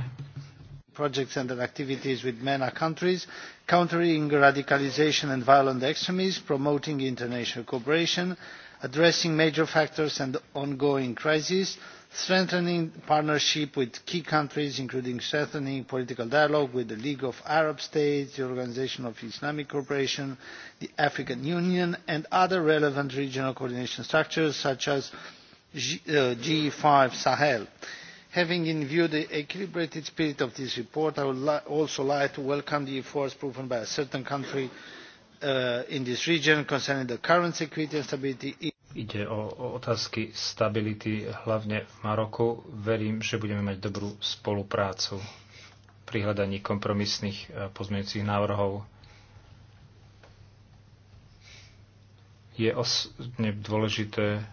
projects and activities with mena countries countering radicalisation and violent extremism promoting international cooperation addressing major factors and ongoing crises strengthening partnership with key countries including strengthening political dialogue with the league of arab states the organisation of islamic cooperation the african union and other relevant regional coordination structures such as g uh, five sahel having in view the equilibrated spirit of this report i would also like to welcome the efforts proven by a certain country uh, in this region concerning the current security and stability Ide o otázky stability, hlavne v Maroku. Verím, že budeme mať dobrú spoluprácu pri hľadaní kompromisných uh, pozmeňujúcich návrhov. Je osobne dôležité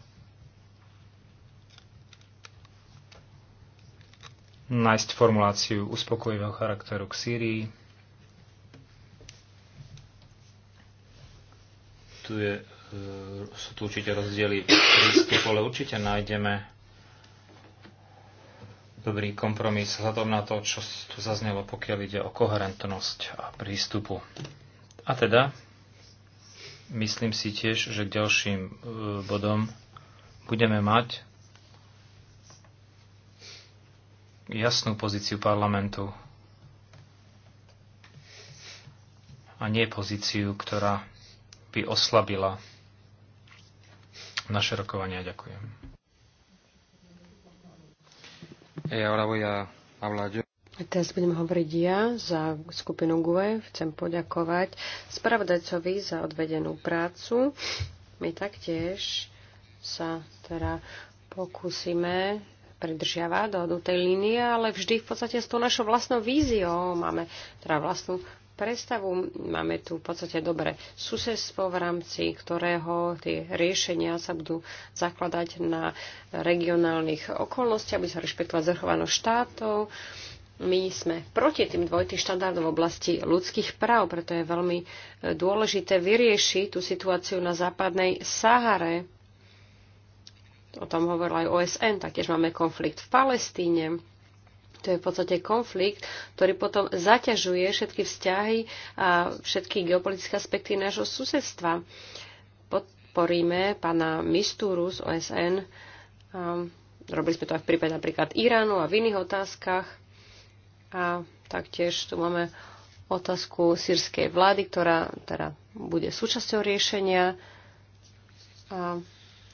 nájsť formuláciu uspokojivého charakteru k Sýrii. Tu je, e, sú tu určite rozdiely prístupu, ale určite nájdeme dobrý kompromis vzhľadom na to, čo tu zaznelo, pokiaľ ide o koherentnosť a prístupu. A teda, myslím si tiež, že k ďalším e, bodom budeme mať jasnú pozíciu parlamentu a nie pozíciu, ktorá by oslabila naše rokovania. Ďakujem. Teraz budem hovoriť ja za skupinu GUE. Chcem poďakovať spravodajcovi za odvedenú prácu. My taktiež sa teda pokúsime predržiava do tej línie, ale vždy v podstate s tou našou vlastnou víziou máme teda vlastnú predstavu. Máme tu v podstate dobré susedstvo, v rámci ktorého tie riešenia sa budú zakladať na regionálnych okolnostiach, aby sa rešpektovať zvrchovanosť štátov. My sme proti tým dvojitým štandardom v oblasti ľudských práv, preto je veľmi e, dôležité vyriešiť tú situáciu na západnej Sahare, o tom hovorila aj OSN, taktiež máme konflikt v Palestíne. To je v podstate konflikt, ktorý potom zaťažuje všetky vzťahy a všetky geopolitické aspekty nášho susedstva. Podporíme pána Mistúru z OSN. Robili sme to aj v prípade napríklad Iránu a v iných otázkach. A taktiež tu máme otázku sírskej vlády, ktorá teda bude súčasťou riešenia. A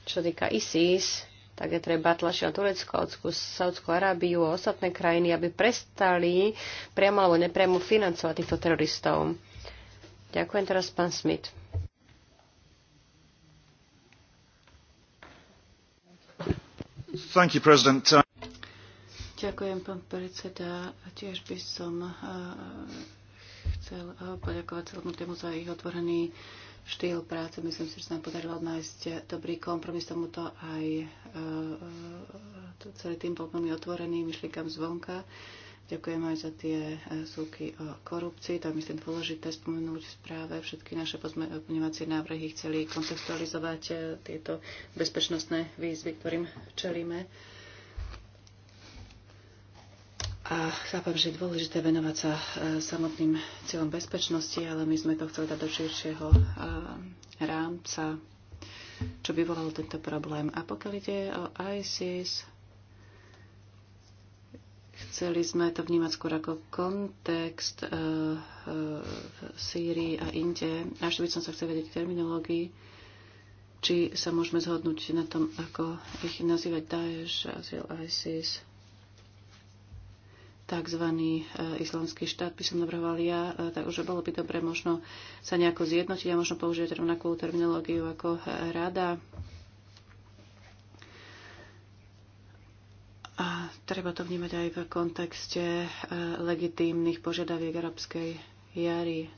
čo týka ISIS, tak je treba tlačiť na Turecko, Saudskú Arábiu a ostatné krajiny, aby prestali priamo alebo nepriamo financovať týchto teroristov. Ďakujem teraz pán Smith. Thank you, President. Uh, Ďakujem, pán predseda. Tiež by som uh, chcel uh, poďakovať celému tému za ich otvorený uh, štýl práce. Myslím si, že sa nám podarilo nájsť dobrý kompromis tomuto aj e, e, celý tým bol veľmi otvorený myšlienkam zvonka. Ďakujem aj za tie e, súky o korupcii. To je, myslím, dôležité spomenúť v správe. Všetky naše pozmeňovacie návrhy chceli kontextualizovať tieto bezpečnostné výzvy, ktorým čelíme. A chápem, že je dôležité venovať sa e, samotným cieľom bezpečnosti, ale my sme to chceli dať do širšieho e, rámca, čo by volalo tento problém. A pokiaľ ide o ISIS, chceli sme to vnímať skôr ako kontext e, v Sýrii a inde. Až ešte by som sa chcel vedieť terminológii, či sa môžeme zhodnúť na tom, ako ich nazývať Daesh, Azil, ISIS tzv. E, islamský štát by som navrhoval ja, e, takže bolo by dobre možno sa nejako zjednotiť a možno použiť rovnakú terminológiu ako e, rada. A treba to vnímať aj v kontexte legitímnych požiadaviek arabskej jary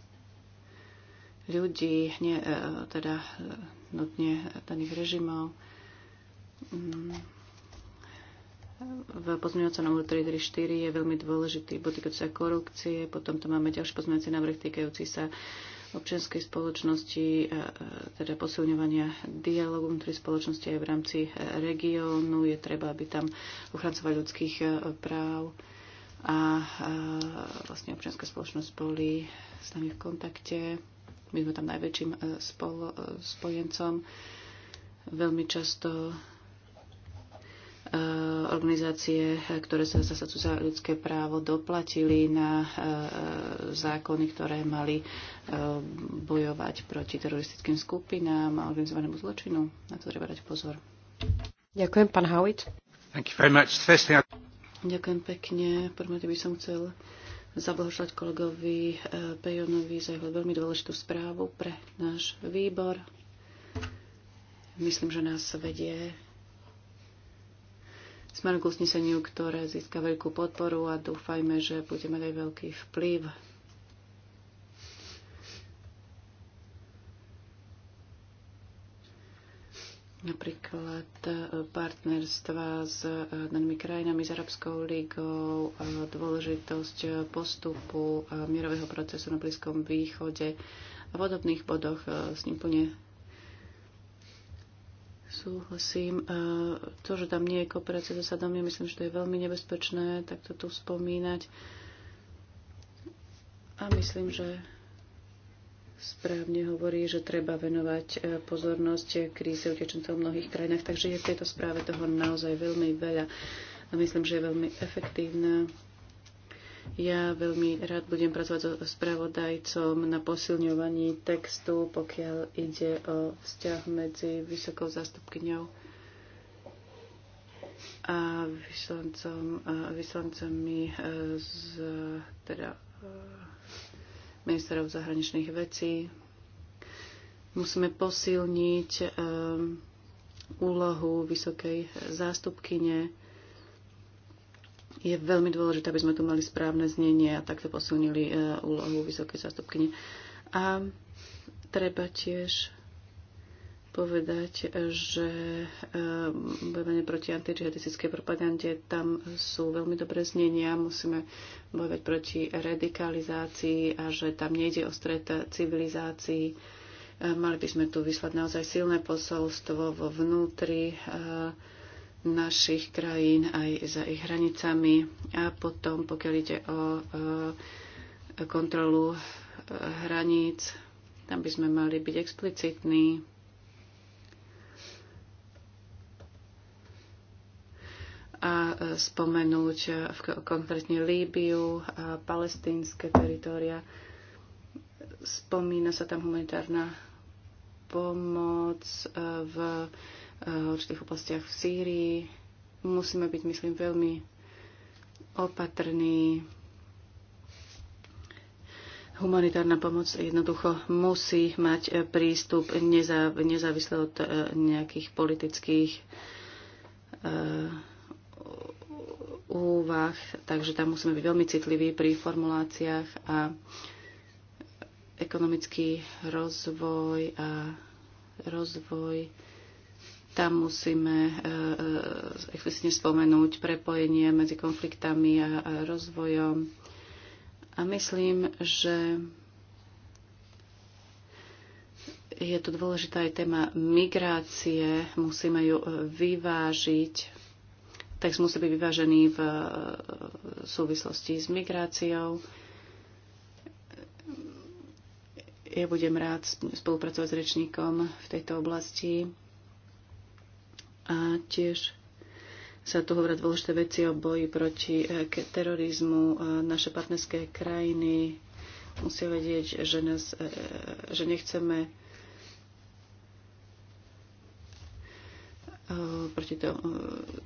ľudí, nie, teda nutne daných režimov. Mm v pozmeňovacom návrhu 334 je veľmi dôležitý bod týkajúci sa korupcie, potom tu máme ďalší pozmeňovací návrh týkajúci sa občianskej spoločnosti, e, e, teda posilňovania dialogu vnútri spoločnosti aj v rámci e, regiónu. Je treba, aby tam ochrancovať ľudských práv a vlastne občianská spoločnosť boli s nami v kontakte. My sme tam najväčším spojencom. Veľmi často Eh, organizácie, ktoré sa zasadzujú za ľudské právo, doplatili na eh, zákony, ktoré mali eh, bojovať proti teroristickým skupinám a organizovanému zločinu. Na to treba dať pozor. Ďakujem, pán Howitt. Ďakujem pekne. Prvom by som chcel zablahoželať kolegovi Pejonovi za jeho veľmi dôležitú správu pre náš výbor. Myslím, že nás vedie smerom k usneseniu, ktoré získa veľkú podporu a dúfajme, že bude mať aj veľký vplyv. Napríklad e, partnerstva s e, danými krajinami, s Arabskou ligou, e, dôležitosť postupu mierového procesu na Blízkom východe a podobných bodoch s ním plne Súhlasím. E, to, že tam nie je kooperácia so Sadomie, myslím, že to je veľmi nebezpečné takto tu spomínať. A myslím, že správne hovorí, že treba venovať e, pozornosť kríze utečencov v mnohých krajinách. Takže je v tejto správe toho naozaj veľmi veľa. A myslím, že je veľmi efektívna. Ja veľmi rád budem pracovať so spravodajcom na posilňovaní textu, pokiaľ ide o vzťah medzi vysokou zastupkyňou a vyslancom, vyslancami e, z teda, e, ministerov zahraničných vecí. Musíme posilniť e, úlohu vysokej zástupkyne je veľmi dôležité, aby sme tu mali správne znenie a takto posilnili e, úlohu vysokej zástupkyne. A treba tiež povedať, že e, bojovanie proti antidžihadistickej propagande, tam sú veľmi dobré znenia, musíme bojovať proti radikalizácii a že tam nejde o stret civilizácií. E, mali by sme tu vyslať naozaj silné posolstvo vo vnútri našich krajín aj za ich hranicami. A potom, pokiaľ ide o e, kontrolu e, hraníc, tam by sme mali byť explicitní. a e, spomenúť konkrétne Líbiu a palestínske teritória. Spomína sa tam humanitárna pomoc v Eh, určitých oblastiach v Sýrii. Musíme byť, myslím, veľmi opatrní. Humanitárna pomoc jednoducho musí mať eh, prístup nezávisle od eh, nejakých politických úvah, takže tam musíme byť veľmi citliví pri formuláciách a ekonomický rozvoj a rozvoj tam musíme e, e, explicitne spomenúť prepojenie medzi konfliktami a, a rozvojom. A myslím, že je tu dôležitá aj téma migrácie. Musíme ju e, vyvážiť. Text musí byť vyvážený v súvislosti s migráciou. Ja budem rád spolupracovať s rečníkom v tejto oblasti. A tiež sa tu hovoria dôležité veci o boji proti e, terorizmu. Naše partnerské krajiny musia vedieť, že, nás, e, e, že nechceme proti to,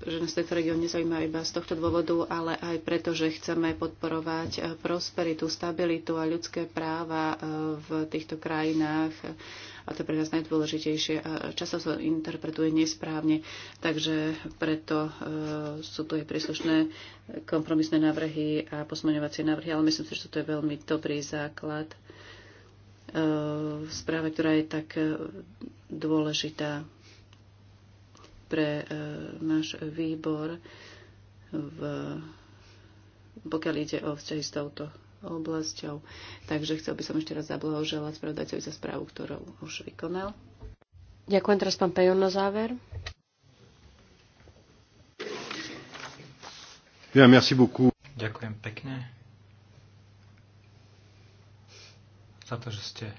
že nás tento región nezaujíma iba z tohto dôvodu, ale aj preto, že chceme podporovať prosperitu, stabilitu a ľudské práva v týchto krajinách a to je pre nás najdôležitejšie a často sa interpretuje nesprávne, takže preto e, sú tu aj príslušné kompromisné návrhy a posmoňovacie návrhy, ale myslím si, že toto je veľmi dobrý základ e, v správe, ktorá je tak e, dôležitá pre náš výbor v pokiaľ ide o vzťahy s touto oblasťou. Takže chcel by som ešte raz zablahoželať spravodajcovi za správu, ktorú už vykonal. Ďakujem teraz pán Pejon na záver. Ja, merci beaucoup. Ďakujem pekne za to, že ste eh,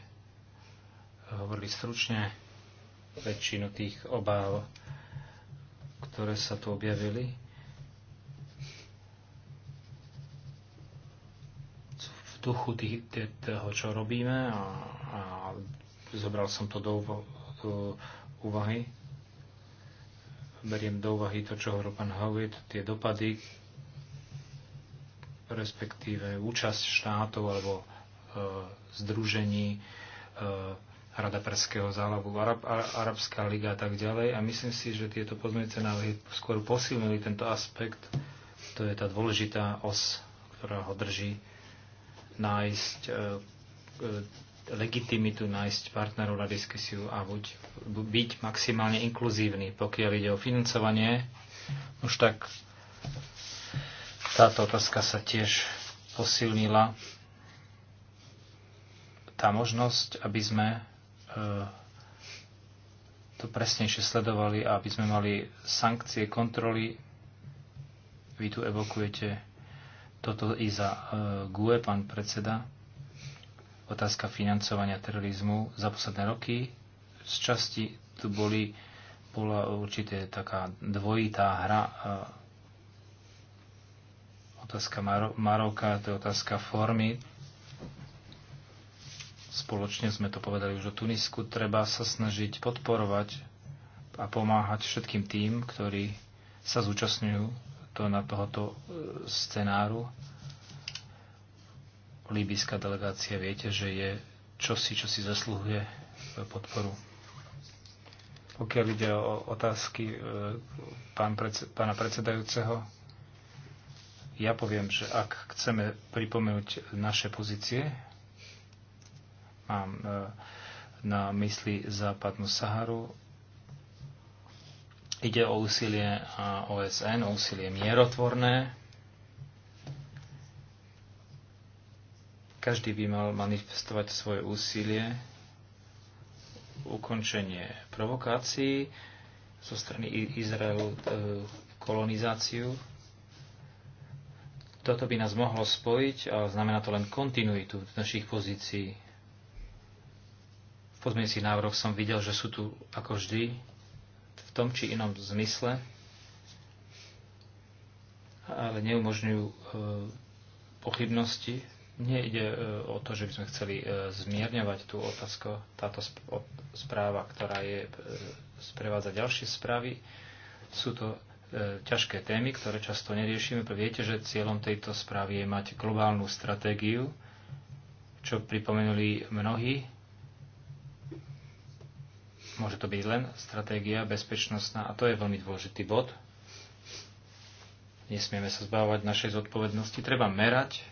hovorili stručne väčšinu tých obáv, ktoré sa tu objavili. duchu tých, toho, čo robíme a, a zobral som to do, do úvahy. Beriem do úvahy to, čo hovoril pán Howitt, tie dopady, respektíve účasť štátov alebo e, združení e, Rada Perského zálavu, Arab, Arabská liga a tak ďalej. A myslím si, že tieto pozmeňujúce návrhy skôr posilnili tento aspekt. To je tá dôležitá os, ktorá ho drží nájsť e, e, legitimitu, nájsť partnerov na diskusiu a buď, byť maximálne inkluzívny. Pokiaľ ide o financovanie, už tak táto otázka sa tiež posilnila. Tá možnosť, aby sme e, to presnejšie sledovali a aby sme mali sankcie, kontroly. Vy tu evokujete toto i za e, GUE, pán predseda. Otázka financovania terorizmu za posledné roky. Z časti tu boli, bola určite taká dvojitá hra e, otázka Mar- Maroka, to je otázka formy. Spoločne sme to povedali už o Tunisku. Treba sa snažiť podporovať a pomáhať všetkým tým, ktorí sa zúčastňujú to na tohoto e, scenáru. Líbyská delegácia viete, že je čosi, čo si zasluhuje podporu. Pokiaľ ide o otázky e, pán predse, pána predsedajúceho, ja poviem, že ak chceme pripomenúť naše pozície, mám e, na mysli západnú Saharu, Ide o úsilie OSN, o úsilie mierotvorné. Každý by mal manifestovať svoje úsilie, ukončenie provokácií zo strany Izraelu e, kolonizáciu. Toto by nás mohlo spojiť a znamená to len kontinuitu našich pozícií. V pozmiecich návrhoch som videl, že sú tu ako vždy v tom či inom zmysle, ale neumožňujú e, pochybnosti. Nejde e, o to, že by sme chceli e, zmierňovať tú otázku. Táto správa, ktorá je, sprevádza ďalšie správy, sú to ťažké témy, ktoré často neriešime. Viete, že cieľom tejto správy je mať globálnu stratégiu, čo pripomenuli mnohí Môže to byť len stratégia bezpečnostná a to je veľmi dôležitý bod. Nesmieme sa zbávať našej zodpovednosti. Treba merať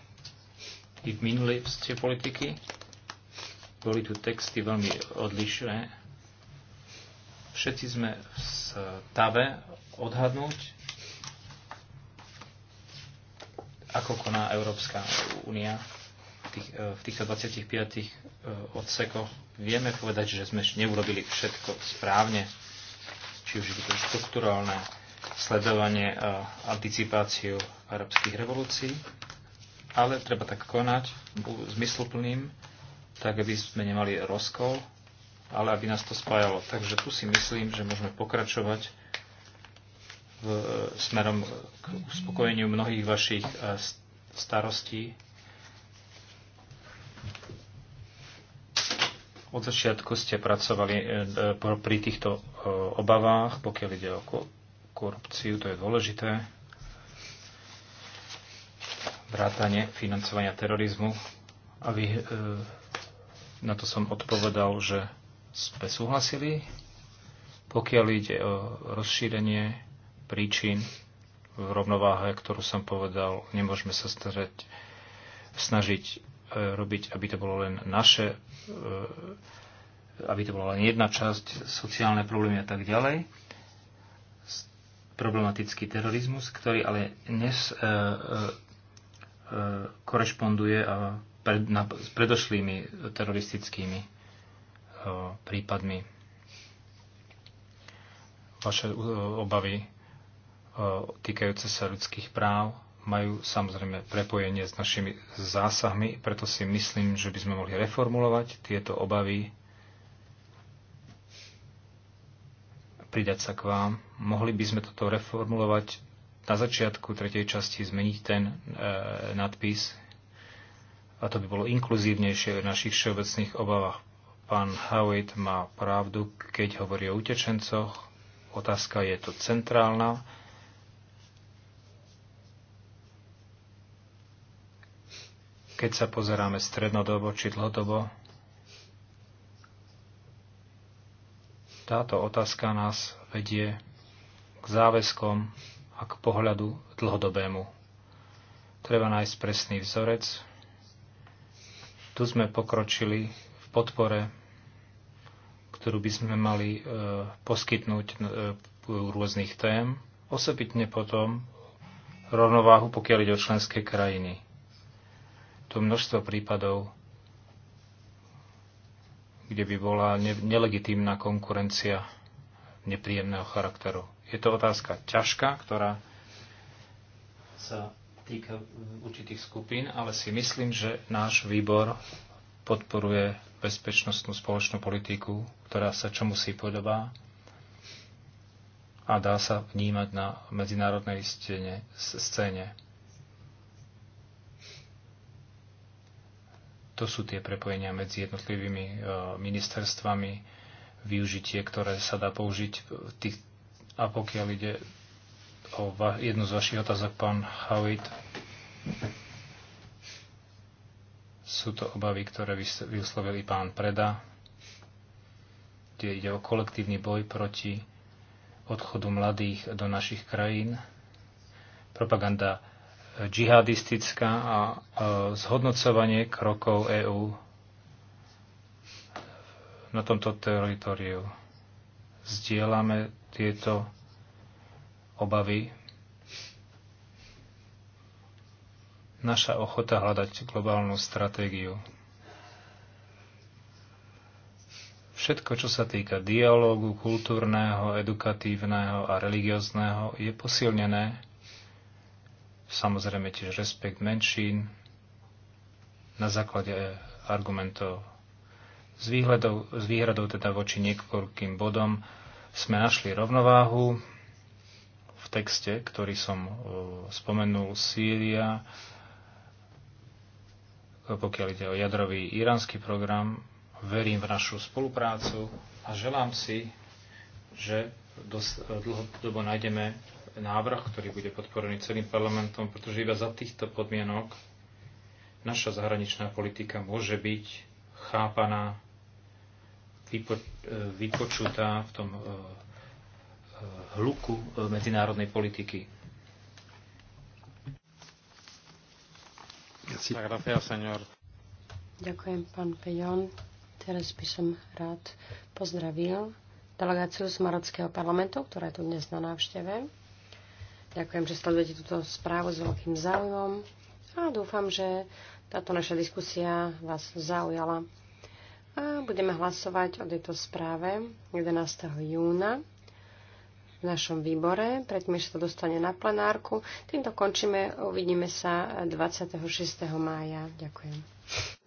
i v vstie politiky. Boli tu texty veľmi odlišné. Všetci sme v stave odhadnúť, ako koná Európska únia v týchto 25 eh, odsekoch vieme povedať, že sme neurobili všetko správne, či už je to štruktúrálne sledovanie a eh, anticipáciu arabských revolúcií, ale treba tak konať zmysluplným, tak aby sme nemali rozkol, ale aby nás to spájalo. Takže tu si myslím, že môžeme pokračovať v, eh, smerom k uspokojeniu mnohých vašich eh, starostí Od začiatku ste pracovali e, e, pri týchto e, obavách, pokiaľ ide o korupciu, to je dôležité. Vrátanie financovania terorizmu. A vy na to som odpovedal, že sme súhlasili, pokiaľ ide o rozšírenie príčin v rovnováhe, ktorú som povedal, nemôžeme sa starať, snažiť E, robiť, aby to bolo len naše, e, aby to bola len jedna časť, sociálne problémy a tak ďalej. Problematický terorizmus, ktorý ale dnes e, korešponduje pred, na, s predošlými teroristickými prípadmi. Vaše obavy týkajúce sa ľudských práv majú samozrejme prepojenie s našimi zásahmi, preto si myslím, že by sme mohli reformulovať tieto obavy, pridať sa k vám. Mohli by sme toto reformulovať na začiatku tretej časti, zmeniť ten e, nadpis a to by bolo inkluzívnejšie v našich všeobecných obavách. Pán Howitt má pravdu, keď hovorí o utečencoch. Otázka je to centrálna Keď sa pozeráme strednodobo či dlhodobo, táto otázka nás vedie k záväzkom a k pohľadu dlhodobému. Treba nájsť presný vzorec. Tu sme pokročili v podpore, ktorú by sme mali e, poskytnúť e, rôznych tém, osobitne potom rovnováhu, pokiaľ ide o členské krajiny tu množstvo prípadov, kde by bola ne- nelegitímna konkurencia nepríjemného charakteru. Je to otázka ťažká, ktorá sa týka e, určitých skupín, ale si myslím, že náš výbor podporuje bezpečnostnú spoločnú politiku, ktorá sa čomu si podobá a dá sa vnímať na medzinárodnej scéne. To sú tie prepojenia medzi jednotlivými e, ministerstvami, využitie, ktoré sa dá použiť. E, tých, a pokiaľ ide o va, jednu z vašich otázok, pán Howitt, sú to obavy, ktoré vyslovil i pán Preda, kde ide o kolektívny boj proti odchodu mladých do našich krajín. Propaganda džihadistická a zhodnocovanie krokov EÚ na tomto teritoriu. Zdieľame tieto obavy. Naša ochota hľadať globálnu stratégiu. Všetko, čo sa týka dialógu kultúrneho, edukatívneho a religiózneho, je posilnené samozrejme tiež respekt menšín na základe argumentov s, výhľadou, s výhradou teda voči niekoľkým bodom sme našli rovnováhu v texte, ktorý som e, spomenul, Sýria, pokiaľ ide o jadrový iránsky program, verím v našu spoluprácu a želám si, že dlhodobo nájdeme návrh, ktorý bude podporený celým parlamentom, pretože iba za týchto podmienok naša zahraničná politika môže byť chápaná, vypo, e, vypočutá v tom e, e, hluku medzinárodnej politiky. Ďakujem, pán Pejon. Teraz by som rád pozdravil delegáciu z Marockého parlamentu, ktorá je tu dnes na návšteve. Ďakujem, že sledujete túto správu s veľkým záujmom a dúfam, že táto naša diskusia vás zaujala. A budeme hlasovať o tejto správe 11. júna v našom výbore, predtým, sa to dostane na plenárku. Týmto končíme, uvidíme sa 26. mája. Ďakujem.